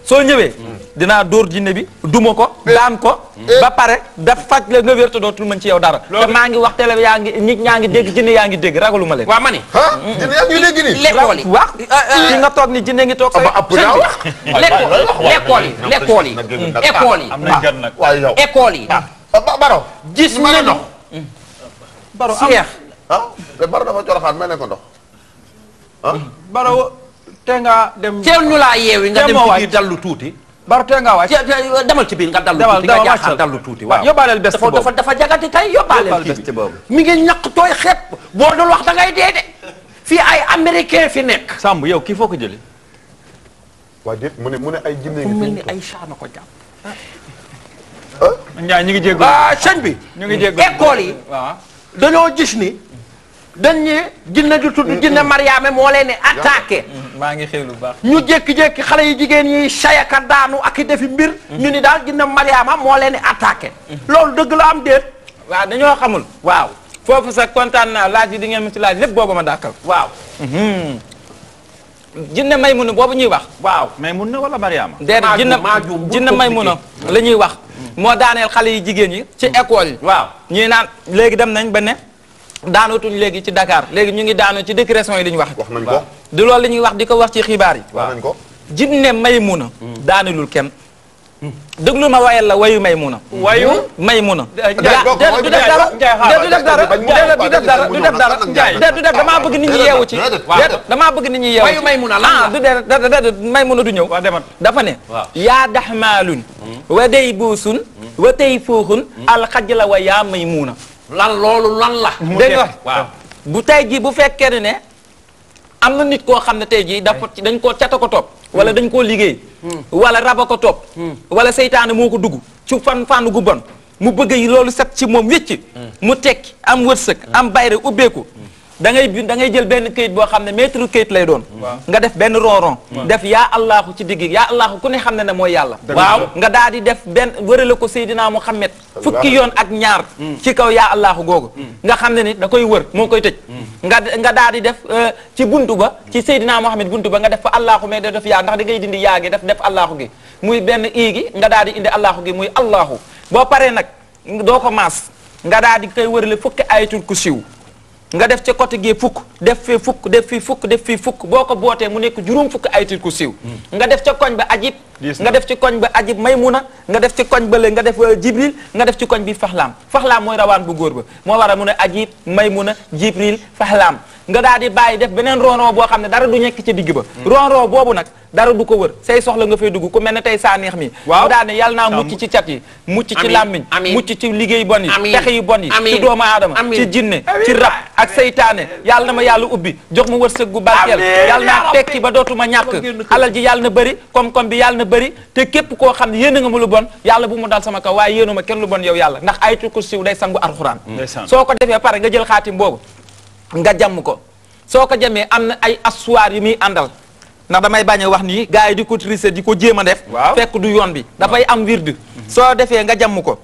soo ñëwee. dinaa dóor jinne bi duma ko eh. daan ko eh. ba pare daf faj la nga wér te dootul mañ ci yow dara te maa ngi wax télé yaa ngi nit ñaa ngi dégg jinne yaa ngi dégg ragalu ma leen waaw ma ni lekkool yi wax eh, nga toog ni jinne ngi toog sa lekkool yi mm. lekkool yi école yi waaw école yi baro gis ma ne ndox mm. baro seex ah, baro dafa coroxaan ma ne ko ndox ah. baro te nga dem teew ñu laa yeewi nga dem ci dallu tuuti Baro tee ngaa wàcc demal ci biir nga dallu tuuti nga jaaxal dallu tuuti waaw yóbbaaleel bés boobu dafa dafa jagati tey yóbbaaleel bés boobu mi ngi ñaq tooy xepp boo dul wax da ngay dee de fii ay américain fi nekk Samb yow kii foo ko jëlee waa déet mu ne mu ne ay jinne ngi mel ni na ko jàpp ah. ñu ngi jéggu ah, sëñ bi ñu ngi jéggu école yi ah. dañoo gis ni dañ ne jinne di tudd mm. jinne Mariama moo leen attaqué mm. maa ngi xew lu baax ñu jékki-jékki xale yi jigéen yi sayaka daanu ak i defi mbir mhm. ñu ni daal ginna Mariama moo leen di attaqué mhm. loolu dëgg la am déet waaw dañoo xamul waaw foofu sax kontaan naa laaj yi di ngeen ma ci laaj lépp booba ma dakkal waaw mhm. jinne Maymuna boobu ñuy wax waaw Maymuna wala Mariama déedéet jinne jinne Maymuna la ñuy wax moo daaneel xale yi jigéen yi ci école yi waaw ñii naan léegi dem nañ ba ne daanootuñ léegi ci dakaar léegi ñu ngi daanoo ci décrétion yi li wax. wax nañ di loolu li ñuy wax di ko wax ci xibaar yi. wax nañ ko jinne Maymuna. Hmm. daanilul kenn. déglu ma wayal la wayu Maymuna. wayu Maymuna. Ndiaye bokk mooy du def dara du def dara du def dara du def dara Ndiaye du def damaa bëgg nit ñi yeewu ci. damaa bëgg nit ñi yeewu ci wayu Maymuna lan hmm, du def Maymuna du ñëw. dafa ne. yaa daxmaalun. Hmm. wa day buusun. wa tey fuuxun. alxajla wa yaa Maymuna. lan loolu lan la. dégg nga bu tey jii bu fekkee ne ne am na nit koo xam ne tey jii dafa dañ koo cata ko topp. Hmm. wala dañ koo liggéey. Hmm. wala raba ko topp. Hmm. wala seytaane moo ko dugg ci fan fànn gu bon mu bëgg yi loolu set ci moom wecc mu tekki am wërsëg am bayre ubbeeku. da ngay da ngay jël benn kayit boo xam ne mètre kayit lay doon nga def benn ronron def yaa allaahu ci digg yaa allaahu ku ne xam ne ne mooy yàlla waaw nga daal di def benn wërale ko Seydina Muhammad fukki yoon ak ñaar mm. ci kaw yaa allaahu googu mm. nga xam ne ni da koy wër moo koy tëj mm. nga nga daal di def euh, ci buntu ba ci Seydina Muhammad buntu ba nga def fa allaahu mais da def yaa ndax da ngay dindi yaa gi def def allaahu gi muy benn ii gi nga daal di indi allaahu gi muy allaahu boo paree nag doo ko maas nga daal di koy wërale fukki ayatul kursiw nga def ca côté gii fukk def fii fukk def fii fukk def fii fukk boo ko bootee mu nekk juróom fukk aytil ku siiw hmm. nga def ca koñ ba ajib nga def ci koñ ba ajib maymuna nga def ci koñ ba le nga def euh, jibril nga def ci koñ bi fax fax faxlaam mooy rawaan bu góor ba moo war waral mu a ajib maymuna jibril faxlaam nga daal di bàyyi def beneen ronron boo xam ne dara du nekk ca digg ba mm. ronron boobu nag dara du ko wër say soxla nga fay dugg ku mel ne tey Sanex mi mu daal ne yàlla naa mucc ci cat yi mucc ci làmmiñ mucc ci liggéey bon yi pexe yu bon yi ci doomu aadama ci jinne ci rab ak seytaane yàlla na ma yàlla ubbi jox ma wërsëg gu barkeel yàlla naa tekki ba dootuma ñàkk alal ji yàlla na bëri koom-koom bi yàlla na bëri te képp koo xam ne yéena nga ma lu bon yàlla bu mu dal sama kaw waaye yéenu ma yow yàlla ndax ayatul kursi day sangu alxuraan soo ko defee pare nga jël xaatim nga jàmm ko soo ko jamee am na ay assoir yu muy àndal ndax damay bañ a wax nii gars yi di ko triser di ko jéem a def fekk du yoon bi dafay am wirdu mhm. soo defee nga jàmm ko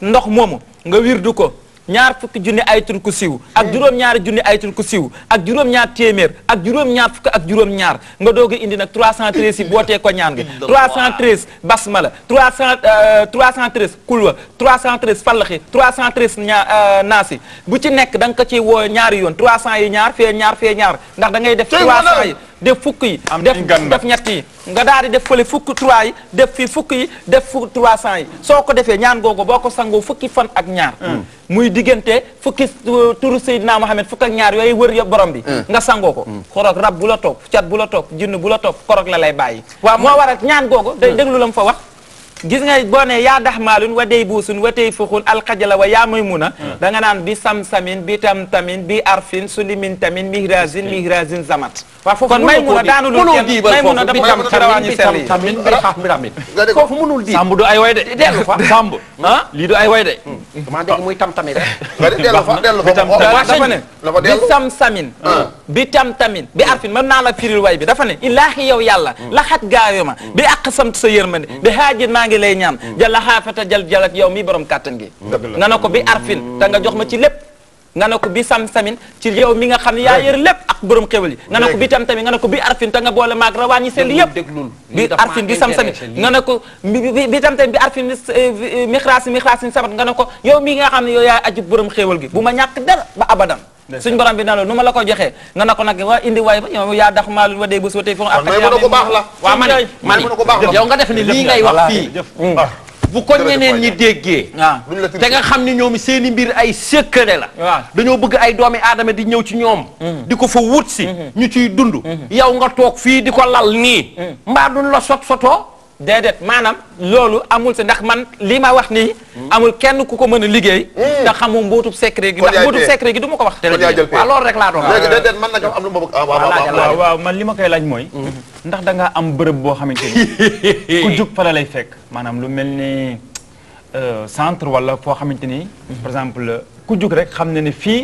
ndox moomu nga wirdu ko ñaar fukki junni ay tur ku ak juróom-ñaari junni ay tur ku ak juróom-ñaar téeméer ak juróom-ñaar fukk ak juróom-ñaar nga doog a indi nag 313 yi bootee ko ñaan gi 313 basmala 300 313 euh, kulwa 313 fallaxi 313 ñaa euh, naasi bu ci nekk da nga ko ciy woo ñaari yoon cent yi ñaar fee ñaar fee ñaar ndax da ngay def 300 yi def fukk yi. def def ñett yi. nga daal di def fële fukk trois yi def fii fukk yi def fukk trois cent yi soo ko defee ñaan googu boo ko sangoo fukki fan ak ñaar. Mm. muy diggante fukki uh, turu Seydina Mohamed fukk ak ñaar yooyu wër yëpp borom bi. Mm. nga sangoo ko. Mm. xorog rab bu la toog cat bu la toog jinn bu la topp korog la lay bàyyi. waaw moo waral ñaan googu day déglu la mu fa wax. gis nga boo ne yaa dax maalun wa dey buusun wa tey fuxun alxajala wa yaa muy mun a hmm. da nga naan bi sam-samin bi tam-tamin bi arfin sulimin tamin mihrajin hmm. mihrajin zamat waaw foofu kon may mun a daanu lu kenn may mun a dafa tam du ay way de damaa eh, dégg ah. muy tam tamit rek. dellu fa dellu fa dafa ne bi sam samin. Ah. bi tam tamin bi arfin mën naa la firil way bi dafa ne ilaahi yow yàlla. Hmm. laxat gaayo ma bi àq samt sa yërmande. Hmm. bi haajit maa ngi lay ñaan. Hmm. ja laxaafata jal jalat yow mi borom kattan gi. dëgg la na ko bi arfin te nga jox ma ci lépp. nga ne ko bi sam-samin ci réew mi nga xam ne yaa yër lépp ak borom xéwal yi nga ne ko bi tam-tamit nga ne ko bi arfin te nga boole maag rawaan yi sell yëpp bi arfin bi sam nga ne ko bi tam-tamit bi arfin eh, eh, mixraas mixraas nga ne ko yow mi nga xam ne yow yaa aju borom xéwal gi bu ma ñàkk dara ba abadan suñ borom bi na loolu nu ma la ko joxee nga na ko nag waa indi waay ba yow yaa dax maalul wa dee bu sotee fo ko baax la waaw man man bu ko ñeneen ñi déggee ah. te nga xam ni ñoom seeni mbir ay secret la ah. dañoo bëgg ay doomi aadama di ñëw ci ñoom mm. di ko fa wut si mm-hmm. ñu ciy dund mm-hmm. yow nga toog fii di ko lal nii mm. mbaa duñ la sot sotoo déedéet maanaam loolu amul si ndax man lii ma wax nii. amul kenn ku ko mën a liggéey. te hmm. xamu mbuutub secret gi ndax mbuutub secret gi du ma ko wax. waaw loolu rek laa doon. léegi déedéet man nag am lu ma bëgg. waaw waaw man li ma koy laaj mooy. Hmm. ndax da nga am bërëb boo xamante ni ku jug fa la lay fekk maanaam lu mel ni euh, centre wala foo xamante ni. Hmm. par exemple ku jug rek xam na ne fii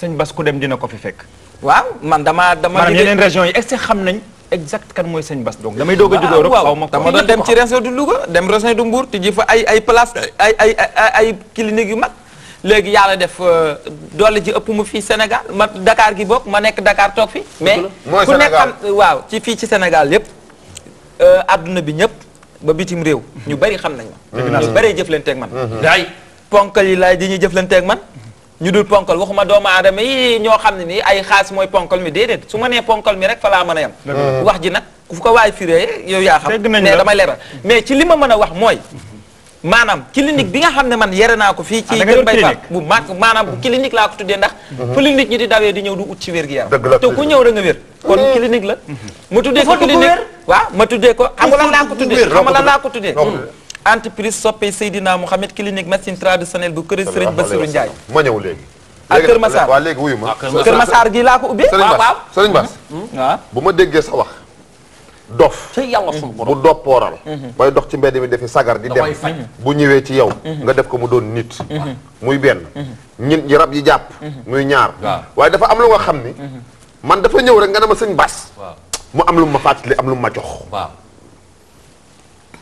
sëñ Bas ku dem dina ko fi fekk. waaw man damaa dama. maanaam yeneen régions yi est xam nañ. exact kan mooy sëñ Bass donc damay doog a ah, juddoo rek xaw ma dama doon dem ci région du Louga dem région du Mbour tijji fa ay ay place ay ay ay clinique yu mag léegi yàlla def euh, doole ji ëpp mu fii Sénégal ma dakaar gi bokk ma nekk Dakar toog fi mais ku nekk am waaw ci fii ci Sénégal yépp euh, adduna bi ñëpp ba bitim réew ñu mm-hmm. bari xam nañ ma ñu bari jëflanteeg man mm-hmm. ay ponkal yi laay di ñuy jëflanteeg man ñu dul ponkal waxuma doomu aadama yi ñoo xam ne nii ay xaas mooy ponkal mi déedéet su ma nee ponkal mi rek fa laa mën a yem wax ji nag ku ko waay firee yow yaa xam mais damay leeral mais ci li ma mën a wax mooy maanaam clinique bi nga xam ne man yere naa ko fii ah, ci kër Baye Fall bu maanaam bu clinique laa ko tuddee ndax mhm. fu li nit ñi di dawee di ñëw du ut ci wér-gi-yaram te ku ñëw da nga wér kon mhm. clinique la mhm. ma tuddee ko clinique waaw ma tuddee ko xam nga lan laa ko tuddee xam nga lan laa ko tuddee entreprise soppe Seydina Mohamed clinique médecine traditionnelle bu kër Serigne Bassirou Ndiaye. ma ñëw léegi. ak ah, Kër Massar waaw léegi wuyu ma. Ah, kër Massar gi laa ko ubbee. Ah, waaw waaw Serigne Bass hmm. Hmm. bu ma déggee sa wax. dof ci yàlla bu doppooral hmm. bay dox ci mbedd mi defi sagar di dem bu ñëwee ci yow nga def ko mu doon nit muy benn ñin ñi rab yi jàpp muy ñaar waaye dafa am lu nga xam ni man dafa ñëw rek nga ne ma sëñ Bass mu am lu ma fàttali am lu ma jox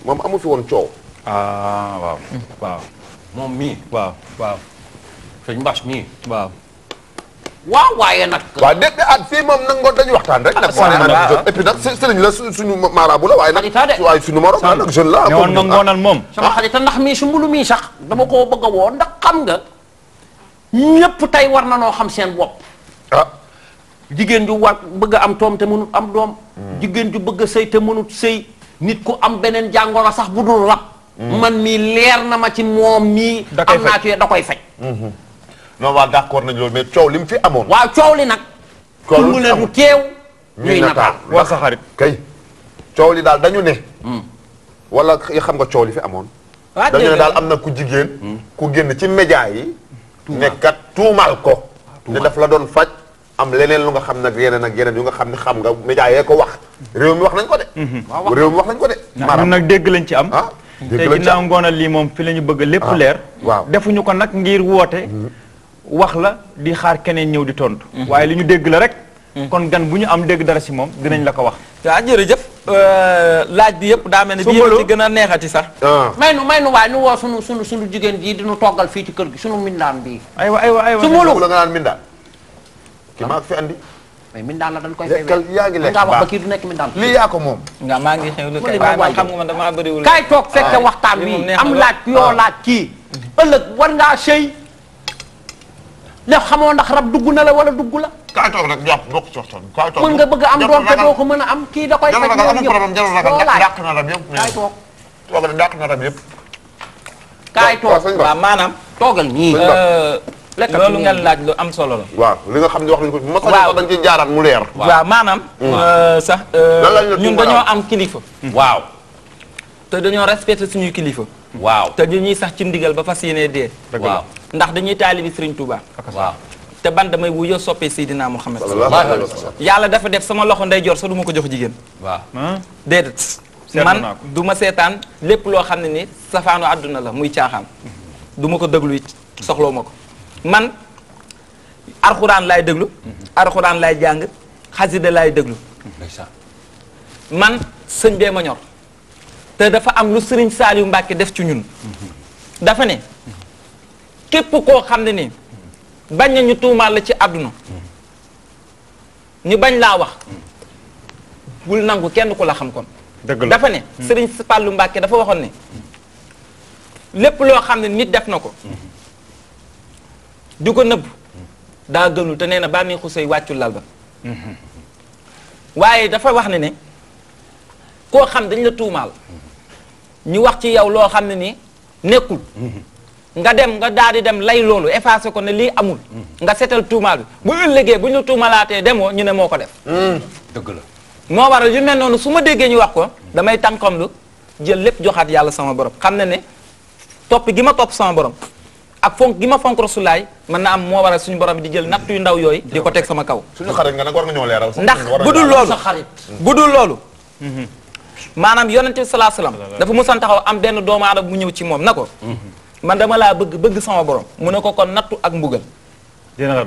moom amu fi woon coow ah waaw. Mm. waaw moom mii. waaw waaw. sëñ Bass mii. waaw. waaw waaye nag. waaw déedéet ah fii moom nangoon dañuy waxtaan rek. Ah, nag waaye nag et puis nag sëriñ la suñu maraabu la waaye nag. waaye suñu morom la nag jeune la. amoon na ngoonal ah. moom. sama xarita ndax mii su mbulu mii sax dama koo bëgg a woo ndax xam nga ñëpp tey war na noo xam seen bopp. ah. jigéen ju war bëgg a am doom te mënut am doom. Mm. jigéen ju bëgg a sëy te mënut sëy. nit ku am beneen jàngoro sax bu dul rab. Mm-hmm. man mii leer na ma ci moom mii. da koy faj am naa ci da koy faj. Mm-hmm. non waaw coow li mu fi amoon. waaw coow li nag. coow li mu ne du teew. ñuy nataal waa sa xarit kay. coow daal dañu ne. Mm. wala xam nga coow li fi amoon. Ah, dañu ne daal am na ku jigéen. Mm. ku génn ci média yi. nekkat tuumaal ko. Ah, ne daf la doon faj. am leneen lu nga xam nag yeneen ak yeneen yu nga xam ne xam nga média yee ko wax. réew mi wax nañ ko de. Mm-hmm. réew mi wax nañ ko de. maanaam nag dégg lañ ci am. Ah. te ginnaaw ngoonal lii moom fi la ñu bëgg lépp ah, leer waaw defuñu ko nag ngir woote mhm. wax la di xaar keneen ñëw di tontu mhm. waaye li ñu dégg la rek mhm. kon gan bu ñu am dégg dara si moom dinañ la ko wax waaw jërëjëf euh, laaj bi yëpp daa mel ne bi yëpp ci gën a neexati sax ah. may nu may nu waay nu woo sunu sunu sunu jigéen jii diñu toggal fii ci kër gi sunu mindaan bii aywa aywa aywa su mulu la nga naan mindaan ki ah. maa fi andi mais mindaan la dañ koy fay weer yaa ngi lekk ngaa wax ba kii du nekk mindaan lii yaa ko moom nga maa ngi xew lu kay waaye man xam nga man damaa bëriwul kaay toog fekke waxtaan wi am laaj yoo laaj kii ëllëg war ngaa sëy ne xamoo ndax rab dugg na la wala dugg la kaay toog rek jàpp bokk ci waxtaan kaay toog mën nga bëgg am doom te doo ko mën a am kii da koy faj amul problème jarul ragal dàq na rab yëpp kaay toog toog dàq na rab yëpp kaay toog waaw maanaam toogal nii loolu ngeen laaj lu am solo la. waaw li nga xam ne wax nañu ko bu ma sañoon dañ mu leer. waaw maanaam. Mm. Euh, sax euh, ñun dañoo am kilifa. Mm. waaw. te dañoo respecté suñuy kilifa. waaw te ñu ñuy sax ci ndigal ba fas yéenee dee. ndax dañuy taalibi Serigne Touba. waaw te ban damay wuyoo soppee Seydina Mouhamed. yàlla dafa def sama loxo ndeyjoor sax du ko jox jigéen. waaw déedéet. man du ma seetaan lépp loo xam ne ni safaanu àdduna la muy caaxaan. Mm-hmm. duma ko déglu it soxloo ma ko. man arxuraan lay déglu. arxuraan lay jàng xasida laay déglu. man sëñ bee ma te dafa am lu sëriñ yu Mbacke def ci ñun. dafa ne képp koo xam ne ni bañ na ñu tuumaal la ci àdduna. ñu bañ laa wax. bul nangu kenn ku la xam kon. dafa ne hmm. sëriñ Fallou Mbacke dafa waxoon ne lépp loo xam ne nit def na ko. Hmm. di ko nëbb daa gënul te nee na bànneexu sëy wàccul lal ba waaye dafa wax ne ne koo xam dañ la tuumaal ñu wax ci yow loo xam ne ni nekkul nga dem nga daal di dem lay loolu effacé ko ne lii amul nga setal tuumaal bi bu ëllëgee bu ñu la tuumalaatee demoo ñu ne moo ko def dëgg la moo waral yu mel noonu su ma déggee ñu wax ko damay tànkamlu jël lépp joxaat yàlla sama borom xam na ne topp gi ma topp sama borom ak fonk gi ma fonk rasulaay mën na am moo waral suñu borom di jël natt yu ndaw yooyu di ko teg sama kaw suñu xarit nga nag war nga ñoo leeral ndax bu dul loolu bu dul loolu maanaam yonente bi salaa salaam dafa musan taxaw am benn doomu aadama mu ñëw ci moom na ko man dama laa bëgg bëgg sama borom mu ne ko kon nattu ak mbugal dina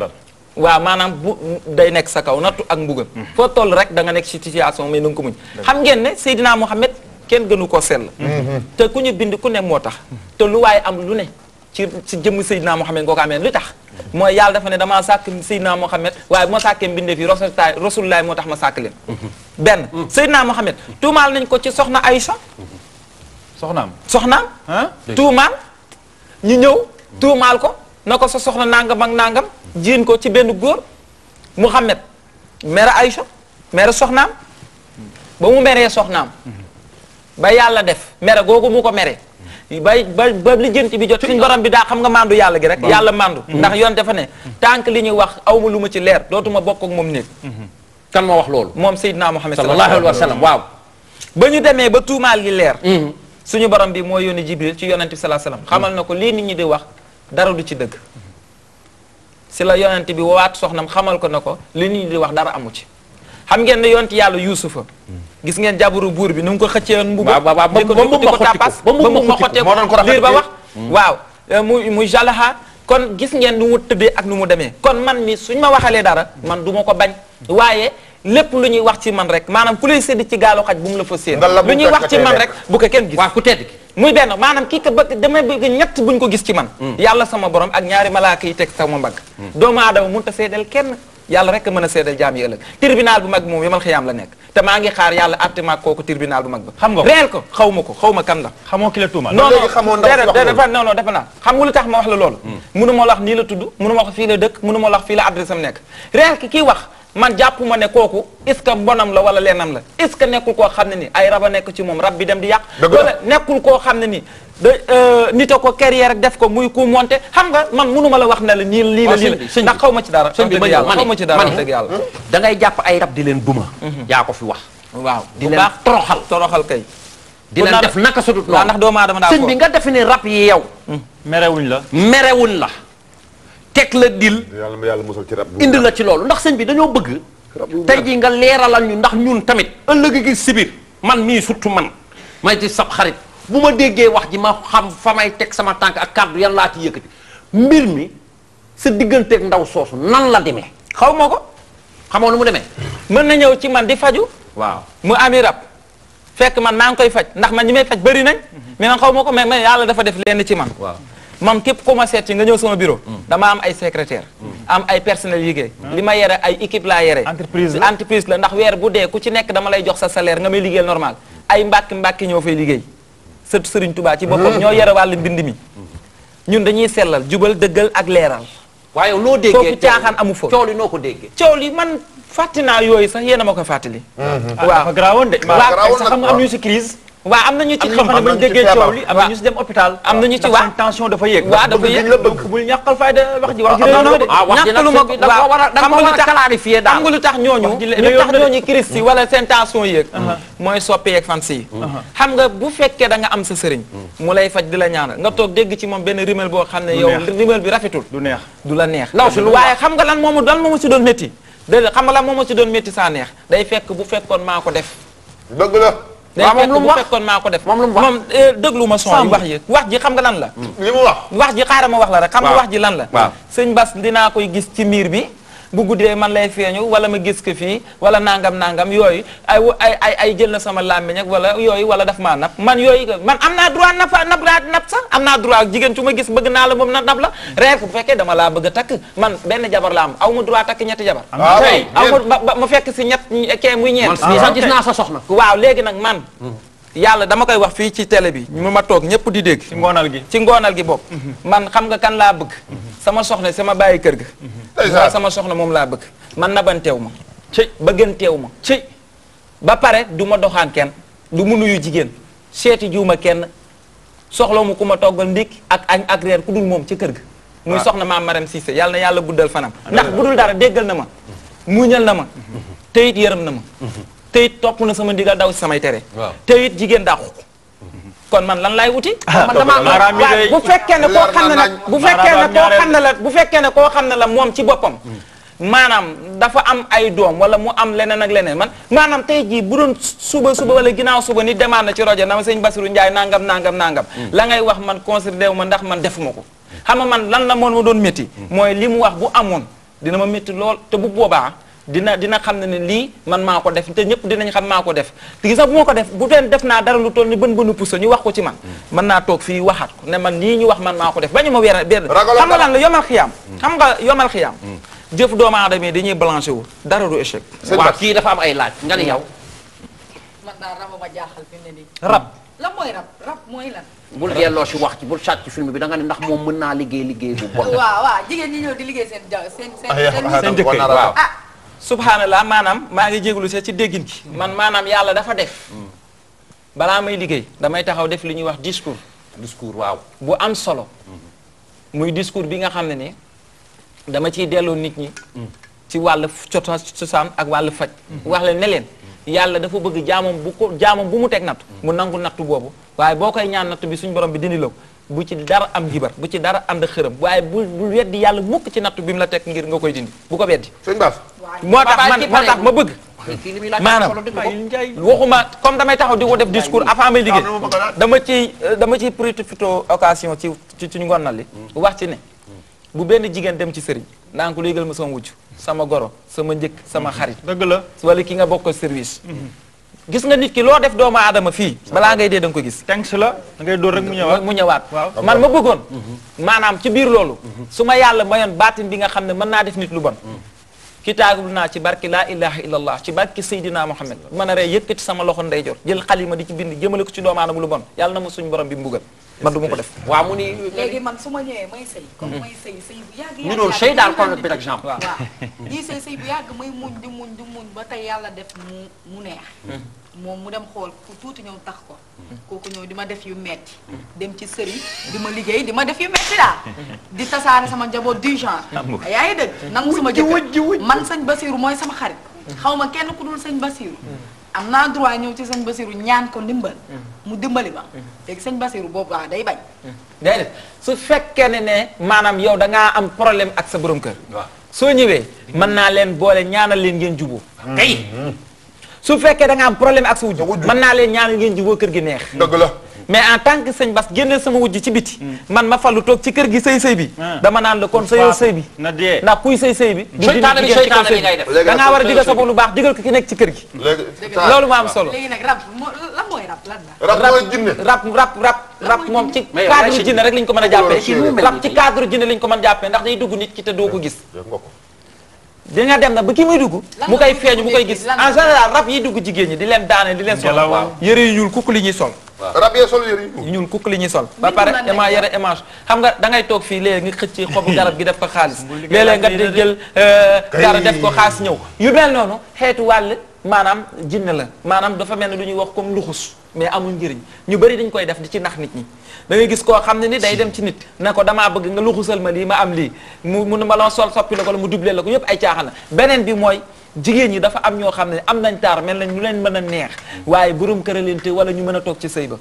waaw maanaam bu day nekk sa kaw nattu ak mbugal foo toll rek da nga nekk ci situation mais na ko muñ xam ngeen ne Seydina Mouhamed kenn gënu koo sell mhm. te ku ñu bind ku ne moo tax te waaye am lu ne ci ci jëmm Seydina Mohamed nga ko amee lu tax mooy yàlla dafa ne damaa sàkk Seydina Mohamed waaye bu ma sàkkee mbindeef yi rasultaay rasulullaay moo tax ma sàkk leen benn Seydina Mohamed tuumaal nañ ko ci soxna Aïcha soxnaam soxnaam tuumaal ñu ñëw tuumaal ko na ko sa soxna nangam ak nangam jiin ko ci benn góor Mohamed mère Aïcha mère soxnaam ba mu meree soxnaam ba yàlla def mere googu mu ko mere bay ba ba lijjanti bi jot suñ borom bi daa xam nga mandu yàlla gi rek yàlla mandu mhm. ndax yoon dafa ne tànk li ñu wax aw ma lu ma ci leer dootuma bokk ak moom néeg mhm. kan moo wax loolu moom Seydina Muhammad sallallahu alayhi wa sallam waaw ba ñu demee ba tuumaal li leer mhm. suñu borom bi moo yónni ci yonente bi sallallahu alayhi wa sallam na ko lii nit ñi di wax dara du ci dëgg si la yonente bi waat soxnam xamal ko na ko li nit ñi di wax dara amu ci xam ngeen ne yonti yàlla yuusufa gis ngeen jabaru buur bi nu mu ko xëccee woon mbubu ko ba mu ma xottee ko liir ba wax mm. waaw mu eh, muy kon gis ngeen nu mu tëddee ak nu mu demee kon man mi suñ ma waxalee dara man du ma ko bañ waaye lépp lu ñuy wax ci man rek maanaam ku lay sédd ci gaalu xaj bu mu la fa séen lu ñuy wax ci man rek bu ko kenn gis muy benn maanaam kii ko bëgg damay bëgg ñett buñ ko gis ci man mm. yàlla sama borom ak ñaari malaaka yi teg sama mbagg mm. a yàlla rek mën a seedal jaam yi ëllëg tribunal bu mag bi moom yamal xiyaam la nekk te maa ngi xaar yàlla àtte ma kooku tribunal bu mag ba xam nga réel ko xaw ma ko xaw ma kan la xamoo ki la tuumal non non non dafa naa xam nga lu tax ma wax la loolu hmm. mënu ma la wax nii la tudd mënu ma wax fii la dëkk mënu ma la wax fii la adresse am nekk réel ki kii wax man jàpp ma ne kooku est-ce que bonam la wala leenam la est-ce que nekkul koo xam ne ni ay rab a nekk ci moom rab bi dem di yàq wala nekkul koo xam ne ni da euh, nit a ko carrière def ko muy ku monté xam nga man mënuma la wax ne la nii lii la lii la ndax xaw ma ci dara xaw ma ci dara dëgg yàlla hmm. da ngay jàpp ay rab di leen duma hmm. yaa ko fi wax waaw di leen toroxal toroxal kay di leen def naka sudut noonu ndax doomu aadama daa sëñ bi nga defe ne rab yi yow hmm. merewuñ la merewuñ la teg la dil. indi la ci loolu ndax señ bi dañoo bëgg. tey jii nga leeralal ñu ndax ñun tamit ëllëg gis sibir man mii surtout man may ci sab xarit bu ma déggee wax ji ma xam fa may teg sama tànk ak kàddu yan laa ci yëkkati mbir mi sa digganteeg ndaw soosu nan la demee. xaw ma ko xamoo lu mu demee. mën na ñëw ci man di faju waaw mu ami rab fekk man maa ngi koy faj ndax man ñi may faj bari nañ. mais mhm. man xaw ma ko mais man yàlla dafa def lenn ci man. man képp ku ma seet ci nga ñëw sama bureau. Mm. dama am ay secrétaire. Mm. am ay personnel liggéey. Ah. li ma yere ay équipe laa yere. entreprise la entreprise la ndax weer bu dee ku ci nekk dama lay jox sa salaire nga may liggéeyal normal ay mbàkk mbàkk ñoo fay liggéey. sëtu Serigne Touba ci boppam mm. ñoo yere wàllu mbind mi. ñun dañuy sellal jubal dëggal ak leeral. waaye loo déggee foofu caaxaan amu fa coow li noo ko déggee. coow li man fàtti naa yooyu sax yéen a ma ko fàttali. li mm-hmm. ah, dafa garaawoon de. waaw xam waaw am na ñu ci xam na ñu si dem hôpital. am na ñu ci waaw tension dafa yéeg. waaw dafa yéeg donc bul ñàkkal fayda wax ji ah, wax ji non de. Ah, ñàkkaluma xam nga lu tax clarifier daal xam nga lu tax ñooñu. Uh-huh. Uh-huh. Uh-huh. nga bu fekkee da am sa sëriñ. mu lay faj di la ñaanal nga toog dégg ci moom benn rimel boo xam ne yow. rimel bi rafetul. du neex du la neex. law waaye xam nga lan moomu dan moomu si doon métti. déedéet xam nga lan moomu si doon métti saa neex day fekk bu fekkoon maa ko def waaw moom lu mu wax fekkoon maa ko def moom lu mu wax moom eh, déglu ma son yi wax ji wax ji xam nga lan la li mu wax wax ji xaaram ma wax la rek xam nga wax ji lan la sëñ mbas dinaa koy gis ci miir bi bu guddee man lay feeñu wala ma gis ko fii wala nangam nangam yooyu ay ay ay ay jël na sama làmmiñ ak wala yooyu wala daf maa nap man yooyu man am naa droit nap nap nap sax am naa droit jigéen su ma gis bëgg naa la moom na nap la reer ko fekkee dama bëgg takk man benn jabar la aw ma droit takk ñetti jabar tey aw ma ma fekk si ñett kee muy ñeent sax gis naa sa soxna waaw léegi nag man hmm. yàlla dama koy wax fii ci télé bi mu ma toog ñëpp di dégg ci ngoonal gi ci ngoonal gi bopp hmm. man xam nga kan laa bëgg hmm. sama soxla sama bàyyi kër ga sama soxna moom laa bëgg man nabanteew ma ci teew ma ci ba pare du ma doxaan kenn du mu nuyu jigéen seeti juuma kenn soxla mu ku ma toggal ndékki ak ak reer ku dul moom ci kër gi muy ah. soxna maam Marème Cissé yàlla na yàlla guddal fanam ndax bu dul dara déggal na ma muñal na ma mm-hmm. teyit yërëm na ma mm-hmm. teyit topp na sama ndigal daw si samay tere teyit jigéen dàqu kon man lan laay wuti. Ah, bu fekkee na koo xam ne nag bu fekkee ne koo xam ne la bu fekkee ne koo xam ne la moom ci boppam. maanaam dafa am ay doom wala mu am leneen ak leneen man maanaam tey jii bu doon suba suba wala ginnaaw suba ni demaat na ci rajo na ma sëñ Basirou Ndiaye nangam nangam nangam. Hmm. la ngay wax man considéré wu ma ndax man defuma ko. xam man lan la moon ma doon métti. Hmm. mooy li mu wax bu amoon dina ma métti lool te bu boobaa. dina dina xam ne ne lii man maa ko def te ñëpp dinañ xam maa ko def te sax bu ma ko def bu deen def naa dara lu toll ni bën bënu puso ñu wax ko ci man mën naa toog fii waxaat ko ne man nii ñu wax man maa ko def bañu ma weer benn xam nga lan la yomal xiyaam xam nga yomal xiyaam jëf doomu aadama dañuy balancé wu dara du échec waaw kii dafa am ay laaj nga ni yow man rab ma jaaxal fi ne nii rab lan mooy rab rab mooy lan bul delloo si wax ci bul sàcc ci film bi da nga ne ndax moom mën naa liggéey liggéey bu bon waaw jigéen ñi ñëw di liggéey seen seen seen seen jëkkër waaw subhanallah maanaam maa ngi jéglu sax ci déggin gi man maanaam yàlla dafa def balaa may liggéey damay taxaw def li ñuy wax discours discours waaw bu am solo muy discours bi nga xam ne ne dama ciy delloo nit ñi ci wàll cosaan ak wàll faj wax leen ne leen yàlla dafa bëgg jaamam bu ko jaamam bu mu teg nattu mu nangu nattu boobu waaye boo koy ñaan natt bi suñu borom bi dindi la bu ci dara am jibar bu ci dara ànd xërëm waaye bu bul weddi yàlla mukk ci nattu bi mu la teg ngir nga koy dindi bu ko weddi sëñ Bass moo tax man moo tax ma bëgg maanaam waxuma comme damay taxaw di ko def discours avant may liggéey dama ciy dama ciy profité occasion ci ci ci ngonnal li mm. wax ci ne bu benn jigéen dem ci sëriñ naa ko lu yëgal ma sama wujj sama goro sama njëkk sama mm. xarit dëgg la wala ki nga bokk service mm-hmm. gis nga nit ki loo def doomu aadama fii balaa ngay dee da ko gis thanks la da ngay dóor rek mu ñëwaat mu ñëwaat man ma bëggoon mhm. maanaam ci biir loolu mhm. su ma yàlla mayoon baatin bi nga xam ne mën naa def nit lu bon mhm. kitaabul naa ci barki laa ilaha illallah ci barki Seydina Muhammad bu ma naree yëkkati sama loxo ndeyjoor jël xalima di ci bind jëmale ko ci doomu aadama lu bon yàlla na ma suñu borom bi mbugal man du ma ko def waaw mu ni. léegi man su ma ñëwee may sëy. comme may sëy sëy bu yàgg. ñu doon sëy daal kon bi ak bu yàgg may muñ di muñ di muñ ba tey yàlla def mu mu neex. moom mu dem xool ku tuuti ñëw tax ko. kooku ñëw di ma def yu metti dem ci sëriñ di ma liggéey di ma def yu metti daal. di tasaare sama njaboot du genre. yaa ngi dëgg nangu sama jëkkër man sëñ Basiiru mooy sama xarit. xaw ma kenn ku dul sëñ Basiiru am naa droit ñëw ci sëñ Basiru ñaan ko ndimbal. Mm. mu dimbali ma. Mm. léegi sañ Basiru boobu waaw ah day bañ. Mm. su fekkee ne ne maanaam yow da ngaa am problème ak sa borom kër. waaw soo ñëwee mën naa leen boole ñaanal leen ngeen juboo mm-hmm. kay su fekkee da nga am problème ak sa wujj mën naa leen ñaanal ngeen juboo kër gi neex. dëgg la. mais en tant que sëñ Bass génneel sama wujj ci biti hmm. man ma fallu toog ci kër gi sëy sëy bi hmm. dama naan la kon sëyoo sëy bi ndax kuy sëy sëy bi du da ngaa war a digal sa lu baax digal ko ki nekk ci kër gi loolu ma am solo rab rab rab moom ci cadre jinne rek lañ ko mën a jàppee rab ci cadre jinne lañ ko mën a jàppee ndax day dugg nit ki te doo ko gis di dem na ba ki muy dugg mu koy feeñu mu koy gis en général rab yi dugg jigéen ñi di leen daane di leen sol rab yee sol yëre yi ñuul kukk li ñu sol ba pare éma yere émage xam nga dangay toog fii lee nga xëcc ci xobu garab gi def ko xaalis léeg-léeg nga jël dara euh, def ko xaalis ñëw yu mel noonu xeetu wàll maanaam jinne la maanaam dafa mel ne lu ñuy wax comme luxus mais amul njëriñ ñu bari dañ koy def di ci ndax nit ñi da ngay gis koo xam ne ni day dem ci nit ne ko damaa bëgg nga luxusal ma lii ma am lii mu mun ma loo sol soppi la ko la mu duble la ko yëpp ay caaxaan beneen bi mooy jigéen ñi dafa am ñoo xam ne am nañ taar mel nañ ñu leen mën a neex waaye borom këralinte wala ñu mën a toog ci sëy ba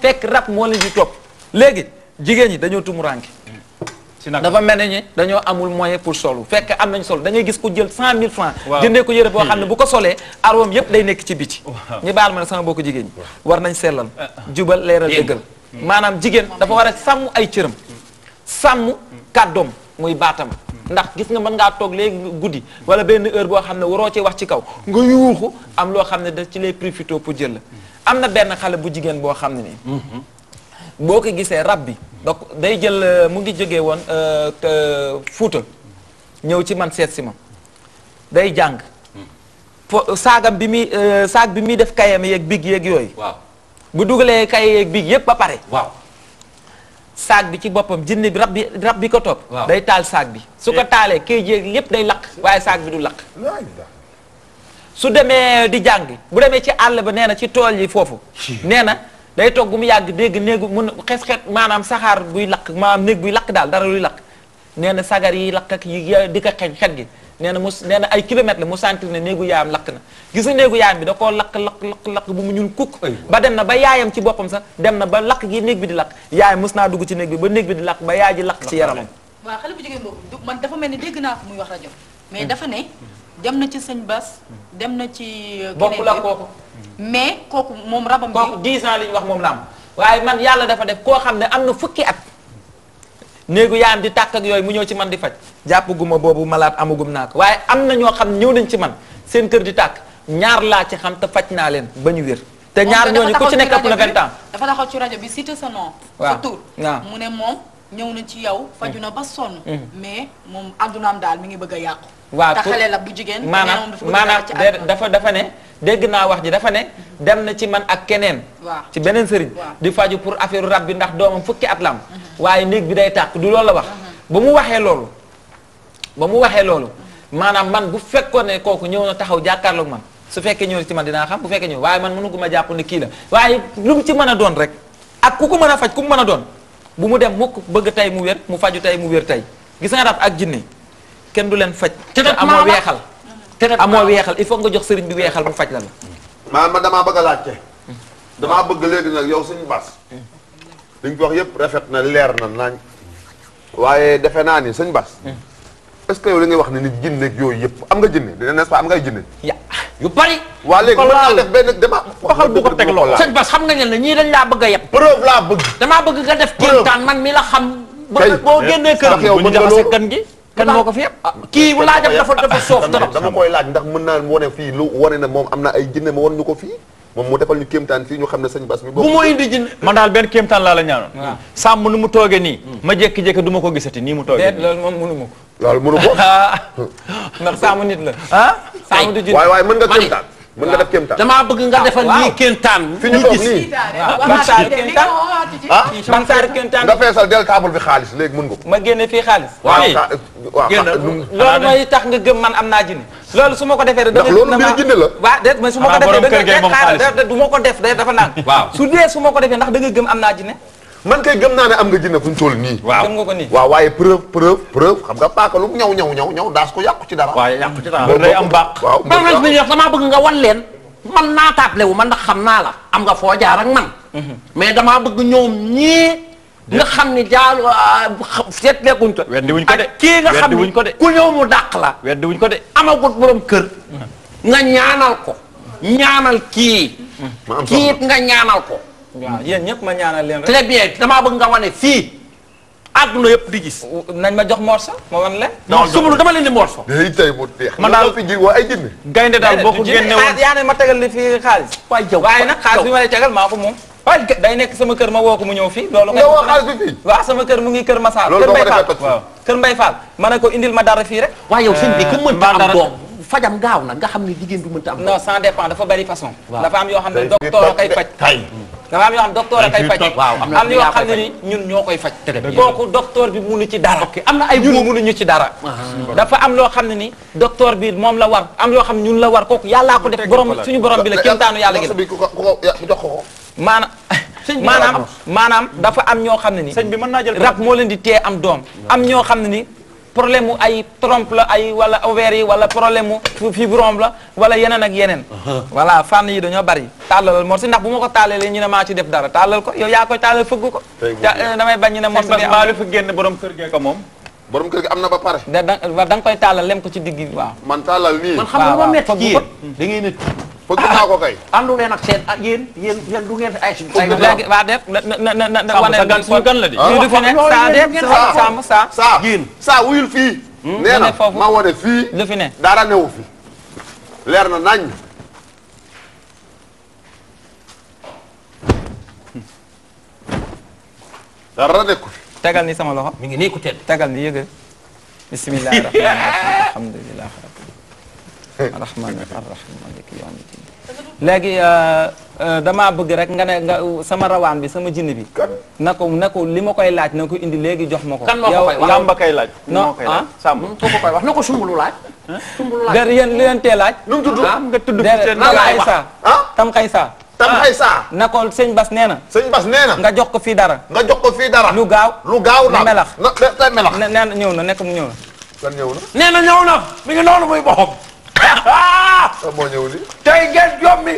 fekk rab moo leen di topp léegi jigéen ñi dañoo tumuranke dafa mel ni dañoo amul moyen pour solu fekk am nañ solo da gis ko jël cent mille francs jëndee ko yëre boo xam ne hmm. bu ko solee arwam yëpp day nekk ci biti ñu baal ma ne sama ko jigéen ñi war nañ sellal ah. jubal leeral dëggal hmm. maanaam jigéen dafa war a sàmm ay cëram sàmm hmm. kàddoom muy baatam ndax gis nga mën ngaa toog léegi guddi wala benn heure boo xam ne waroo ci wax ci kaw nga yuuxu am loo xam ne da ci lay profité pour jël la am na benn xale bu jigéen boo xam ne nii boo ko gisee rab bi donc day jël mu ngi jógee woon euh, Fuuta ñëw ci man seet si ma day jàng po saagam bi muy euh, saag bi muy def kayam yeeg big yeeg yooyu bu dugalee kay yeeg big yépp ba pare waaw saag bi ci boppam jinne bi rab bi rab bi ko toog day taal saag bi su ko eh. taalee kay jéeg yëpp day lakk waaye saag bi du lakk su demee di jàng bu demee ci àll ba nee na ci tool yi foofu nee na day toog mu yàgg dégg néegu mun xes maanaam saxaar buy lakk maanaam néeg buy lakk daal dara luy lakk nee na sagar yi lakk ak yi di ko xeñ xet gi nee na mu nee na ay kilomètres la mu sentir ne néegu yaayam lakk na gis nga néegu yaayam bi da koo lakk lakk lakk lakk bu mu ñuul kukk ba dem na ba yaayam ci boppam sax dem na ba lakk gi néeg bi di lakk yaayam mës naa dugg ci néeg bi ba néeg bi di lakk ba yaay ji lakk ci yaramam waaw xale bu jigéen boobu dafa mel ni dégg naa ko muy wax rajo mais dafa ne dem na ci sëñ bas dem na ci euh, bokk la kooku mais kooku moom rabam bi kooku 10 ans ñu wax moom la am waaye man yàlla dafa def koo xam ne am na fukki at néegu yaayam di tàkk ak yooyu mu ñëw ci man di faj jàppaguma boobu malaat amagum naa ko waaye am na ñoo xam ñëw nañ ci man seen kër di tàkk ñaar laa ci xam te faj naa leen ba ñu wér te ñaar ñooñu ku ci nekk ëpp na vingt ans dafa taxaw ci rajo bi cité sa nom sa tur mu ne moom ñëw na ci yow faju mm. na ba sonn mm. mais moom addunaam daal mi ngi bëgg a yàqu waaw pour xale la bu jigéen maanaam maanaam dafa dafa ne dégg naa wax ji dafa ne dem na ci man ak keneen ci beneen sëriñ di faju pour affaire rab bi ndax doomam fukki at la waaye néeg bi day tàkk du loolu la wax uh-huh. ba mu waxee loolu ba mu waxee loolu maanaam man bu fekkoon ne kooku ñëw na taxaw jàkkaarloog man su fekkee ñëw ci man dinaa xam bu fekkee ñëw waaye man mënu ko ma jàpp ne kii la waaye lu mu ci mën a doon rek ak ku ko mën a faj ku mu mën a doon bu mu dem mukk bëgg tey mu wér mu faju tey mu wér tey gis nga rab ak jinne kenn du leen faj. te amoo weexal te amoo weexal il faut nga jox sëriñ bi weexal mu faj la la. maanaam man damaa bëgg a laajte. damaa bëgg léegi nag yow suñu bas. li ñu ko wax yëpp rafet na leer na nañ. waaye defe naa ni sëñ Bas. est ce que yow li ngay wax ne nit jinne ak yooyu yëpp am nga jinne dina n'est-ce pas am nga ay jinne. ya yu bari. waa léegi mën naa def benn dama. waxal bu ko teg loolu sëñ Bas xam nga ne ñii dañ laa bëgg a yeb. preuve laa bëgg. damaa bëgg nga def. preuve man mi la xam. tey boo génnee kër gi bu ñu jaxase gan gi. kan moo ko fi yëpp ah, kii laajam dafa dafa soof trop dama koy laaj ndax mën naa wane fii lu wane na moom am na ay jinne ma wan ñu ko fii moom mu defal ñu kéemtaan fii ñu xam ne sëñ Bass mi bu moo indi jinne man daal benn kéemtaan laa la ñaanoon sàmm nu mu toogee nii hmm. ma jékki-jékki du ma ko gisati nii mu toogee loolu moom mënu ma ko loolu mënu ko ndax sàmm nit la ah sàmm du jinne waay waay mën nga kéemtaan mën nga def kéemtaan damaa bëgg nga ah, defal nii kéemtaan. fi ñu toog nii ah, ah, ah nga feesal del table bi xaalis léegi mën nga ko. ma génne fii xaalis. waaw waaw loolu mooy tax nga gëm man am naa jinne loolu su ma ko defee. ndax loolu mbir jinne la waaw déet mais ma ko defee da nga ma ko def de dafa naan. waaw su dee su ma ko defee ndax da nga gëm am naa jinne man kay gëm naa ne am nga jinne fu ñu toll nii. waaw ko nii waaw waaye preuve preuve preuve xam nga paaka lu ñaw ñaw daas ko yàqu ci dara. waaw yàqu ci dara loolu day am baax. waaw promesse bi bëgg nga wan leen man naa taable wu man ndax xam naa la am nga foo jaar ak man. Mhm. mais damaa bëgg ñoom ñii. nga xam ni jaal ah, seet lekkuñ ko. weddi wuñ ko de kii nga xam ni ku ñëw mu dàq la. weddi wuñ ko de amagut borom kër. Mhm. nga ñaanal ko. ñaanal kii. ma am kii it nga ñaanal ko. waaw yéen ñëpp ma ñaanal leen rek. très bien damaa bëgg nga wane fii. àdduna yëpp di gis. nañ ma jox morso ma wan leen. non sumulu dama leen di morso. day tey mu deex. man daal fi ji waa boo ko génne woon ah, yaa ne ma tegal li fii xaalis. waay yow waaye nag xaalis bi ma lay tegal maa ko day nekk sama kër ma woo ko mu ñëw fii. loolu nga woo xaalis bi fii. waaw sama kër mu ngi kër Massar. loolu doo ko defee kër Mbay Fall kër Mbay Fall. ma ne ko indil ma dara fii rek. waaye yow sëñ bi ku mënta am euh, doom fajam gaaw na nga xam ne jigéen du mënta am. non sans dépend dafa bari façon. dafa am yoo xam ne docteur a koy faj. am yoo xam a koy faj. waaw am na yoo xam ne ni ñun ñoo koy faj. kooku docteur bi munu ci dara. am na ay ñun munuñu ci dara. Ah, dafa am loo xam ne ni docteur bi moom la war am yoo xam ne ñun la war kooku yàllaa ko def borom suñu borom bi la kéemtaanu yàlla gi la. maanaam. maanaam maanaam dafa am ñoo xam ne ni. sañ bi mën naa jël rab moo leen di tee am doom. Hmm. am ñoo xam ne ni problème mu ay trompe la ay wala ovaire yi wala problème mu fibrome la wala yeneen ak yeneen. Uh-huh. voilà fànn yi dañoo bari. tàllalal morsi ndax bu ma ko tàllalee ñu ne maa ci def dara tàllal ko yow yaa koy tàllal fëgg ko. Euh, damay bañ ñu ne morsi bi maa lu fi borom kër gee ko moom. borom kër gi am na ba pare. da da nga koy tàllal lem ko ci digg waaw. man tàllal nii. man xam nga ma métti da bëgg naa ko kay. àndu ah, leen ak seen ah, yéen yéen yéen du ngeen ay suñu. léegi waa def na na na na na wane gan suñu gan la di. Ah. ñu def ne saa def ngeen xam sàmm saa. saa saa wuyul fii. Hmm? nee na ma wane fii. lu fi ne dara newu fi. leer na nañ. dara nekku fi. tegal ni sama loxo. mi ngi nii ku tedd. tegal ni yëgal. bisimilah rahmaani rahiim alhamdulilah. rahmaani rahiim maaliki yawmi diin léegi euh, euh, damaa bëgg rek nga ne nga sama rawaan bi sama jinne bi. na ko na ko li ma koy laaj na ko indi léegi jox ma ko. kan moo ko koy wax Samba kay laaj. non ah Samba ko koy wax na ko sumbulu laaj. sumbulu laaj de yéen tee laaj. nu tudd tudd ah? nga tudd ci tam xay saa ah? tam xay saa. tam xay ah. saa. na ko sëñ Bas nee na. sëñ Bas nee na. nga jox ko fii dara. nga jox ko fii dara. lu gaaw lu gaaw na melax na melax. nee na ñëw na nekk mu ñëw na. kan ñëw na. nee na ñëw na mi ngi noonu muy boxom sax moo ñëw li tey ngeen yombi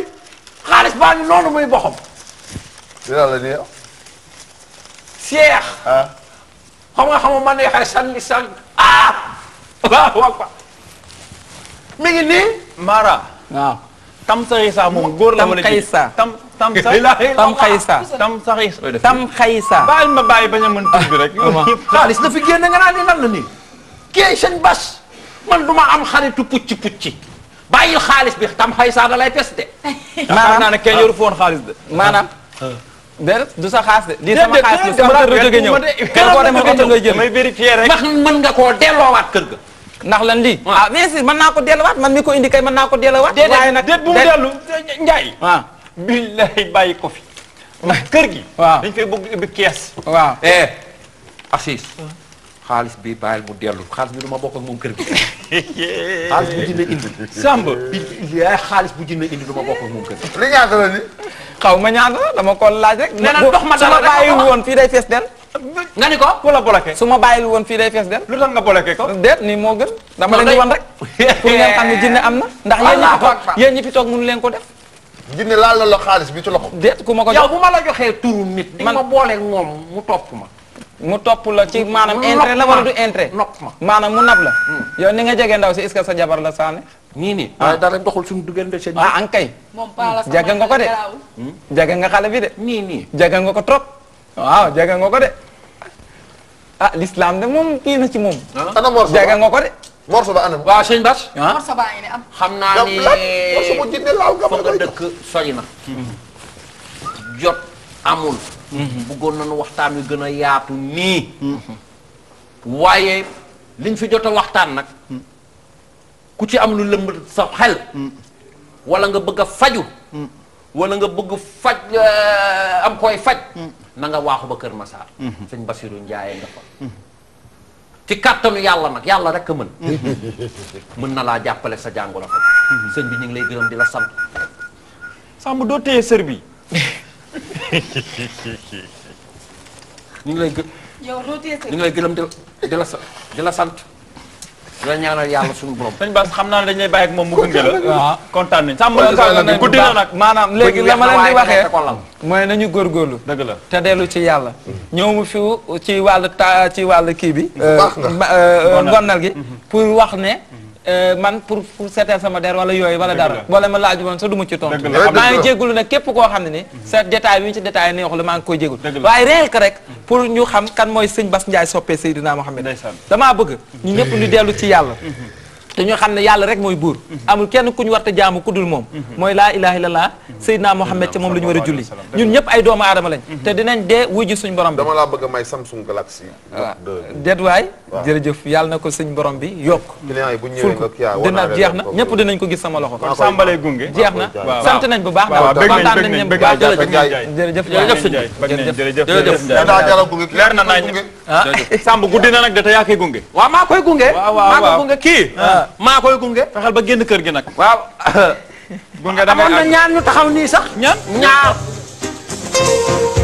xaalis baa ngi noonu muy boxam. dina la nii. Cheikh. ah. xam nga xam nga man de xay sànni sànni ah. waaw waaw quoi. mi ngi nii. Mara. waaw. Tam Saxisa moom góor la wala ji Tam Tam Saxisa Tam Saxisa. Tam Saxisa. baal ma bàyyi bañ a mën tur bi rek. Ah. xaalis na fi génn nga naan ni nan la nii. kii seen bas. man du ma am xaritu pucci pucci bàyyil xaalis bi tam xaysaa da lay pes de. maanaam naa ne kenn yoru foon xaalis de. maanaam. déedéet du sa xaas de. lii sama xaas bi sama kër ga jóge ñëw kër koo demee oto ngay may vérifier rek. ndax mën nga koo delloowaat kër ga. ndax lan lii. ah bien ah, sûr mën naa ko delloowaat man mi ko indi kay mën naa ko delloowaat. waaye nag déet bu mu dellu Ndiaye. waaw ah. billahi bàyyi ko fi. ndax kër gi. waaw dañ fay bëgg ubbi kees. waaw eh, xaalis bi bàyyil mu dellu xaalis bi du ma bokk ak moom kër gi xaalis bu jinne indi sàmb yaay xaalis bu jinne indi du ma bokk ak moom kër gi li xaw ma ñaata la dama ko laaj rek nee na dox ma dara su ma bàyyiwul woon fii day fees del nga ni ko su ma bàyyiwul woon fii day fees del lu tax nga bloqué ko déet nii moo gën dama leen di wan rek pour ngeen xam ne jinne am na ndax yéen ñi fi toog yéen ñi fi toog leen ko def jinne laal la xaalis bi ci loxo déet ku ma ko jox yow bu joxee turu nit di ma booleeg moom mu topp ma mu topp la ci maanaam intérêt la wala du intérêt nopp ma maanaam mu nab la hmm. yow ni nga jege ndaw si est sa jabar la saane nii nii ah. waaye doxul suñu duggante seen ah an kay jege nga ko de hmm? jege nga xale nii nii jege nga ko trop waaw jege nga ko de ah lislaam de moom kii na ci moom ah. ana morso nga ko de morso ba ana waaw sëñ Bass ah. morso baa xam naa dëkk sori na jot amul Mm-hmm. bëggoon nañu waxtaan wi gën a yaatu nii mm-hmm. waaye liñ fi jot a waxtaan nag mm-hmm. ku ci am lu lëmb sa xel wala nga bëgg faju wala nga bëgg faj euh, am koy faj na nga waaxu ba Kër Massar sëñ Basiru Njaay nga fa ci kàttanu yàlla nag yàlla rek a mën mën na laa jàppale sa jàngoro fa sëñ bi ñu ngi lay gërëm di la sant sàmm doo téye sër bi ñu ngi lay gë. yow ñu ngi lay gërëm di la sa di la sant. di la ñaanal yàlla suñu borom. sëñ Bass xam naa ne dañu lay bàyyi ak moom mu gunge la. waaw ah. kontaan nañu. sàmm na guddi na nag. maanaam léegi la ma leen di waxee mooy nañu góorgóorlu. dëgg la te dellu ci yàlla. Mm-hmm. ñëw mu fi ci wàllu ta ci wàll kii bi. Euh, euh, ngonnal gi mm-hmm. pour wax ne. Mm-hmm. Euh, man pour pour seetal sama der wala yooyu wala dara wala ma laaj woon sa du ma ci tontu maa ngi jégalu nag képp koo xam ne ni mhm. sa détail bi ñu ci détail neexul la maa ngi koy jégalu waaye réel que rek mhm. pour ñu xam kan mooy sëñ Bass Ndiaye soppee Seydina Mohamed damaa bëgg ñu ñëpp ñu dellu ci yàlla mhm. dañoo xam ne yàlla rek mooy buur amul kenn ku ñu war a jaamu ku dul moom mooy laa ilaha illallah Seydina Mohamed ca moom la ñu war a julli ñun ñëpp ay doomu aadama lañ te dinañ dee wuy suñ borom bi dama laa bëgg a may Samsung Galaxy waaw ah, déet waay yàlla na ko suñ borom bi yokk ful ko dina jeex na ñëpp dinañ ko gis sama loxo sàmbalee gunge jeex na sant nañ bu baax nataan nañ bu baax jërëjëf jërëjëf na nañ ah sàmb guddi na nag da te yaa koy gunge ah. kii maa koy gunge fexeel ba génn kër gi nag. waaw. gunge damay amoon na ñaan ñu taxaw nii sax. ñaan ñaar.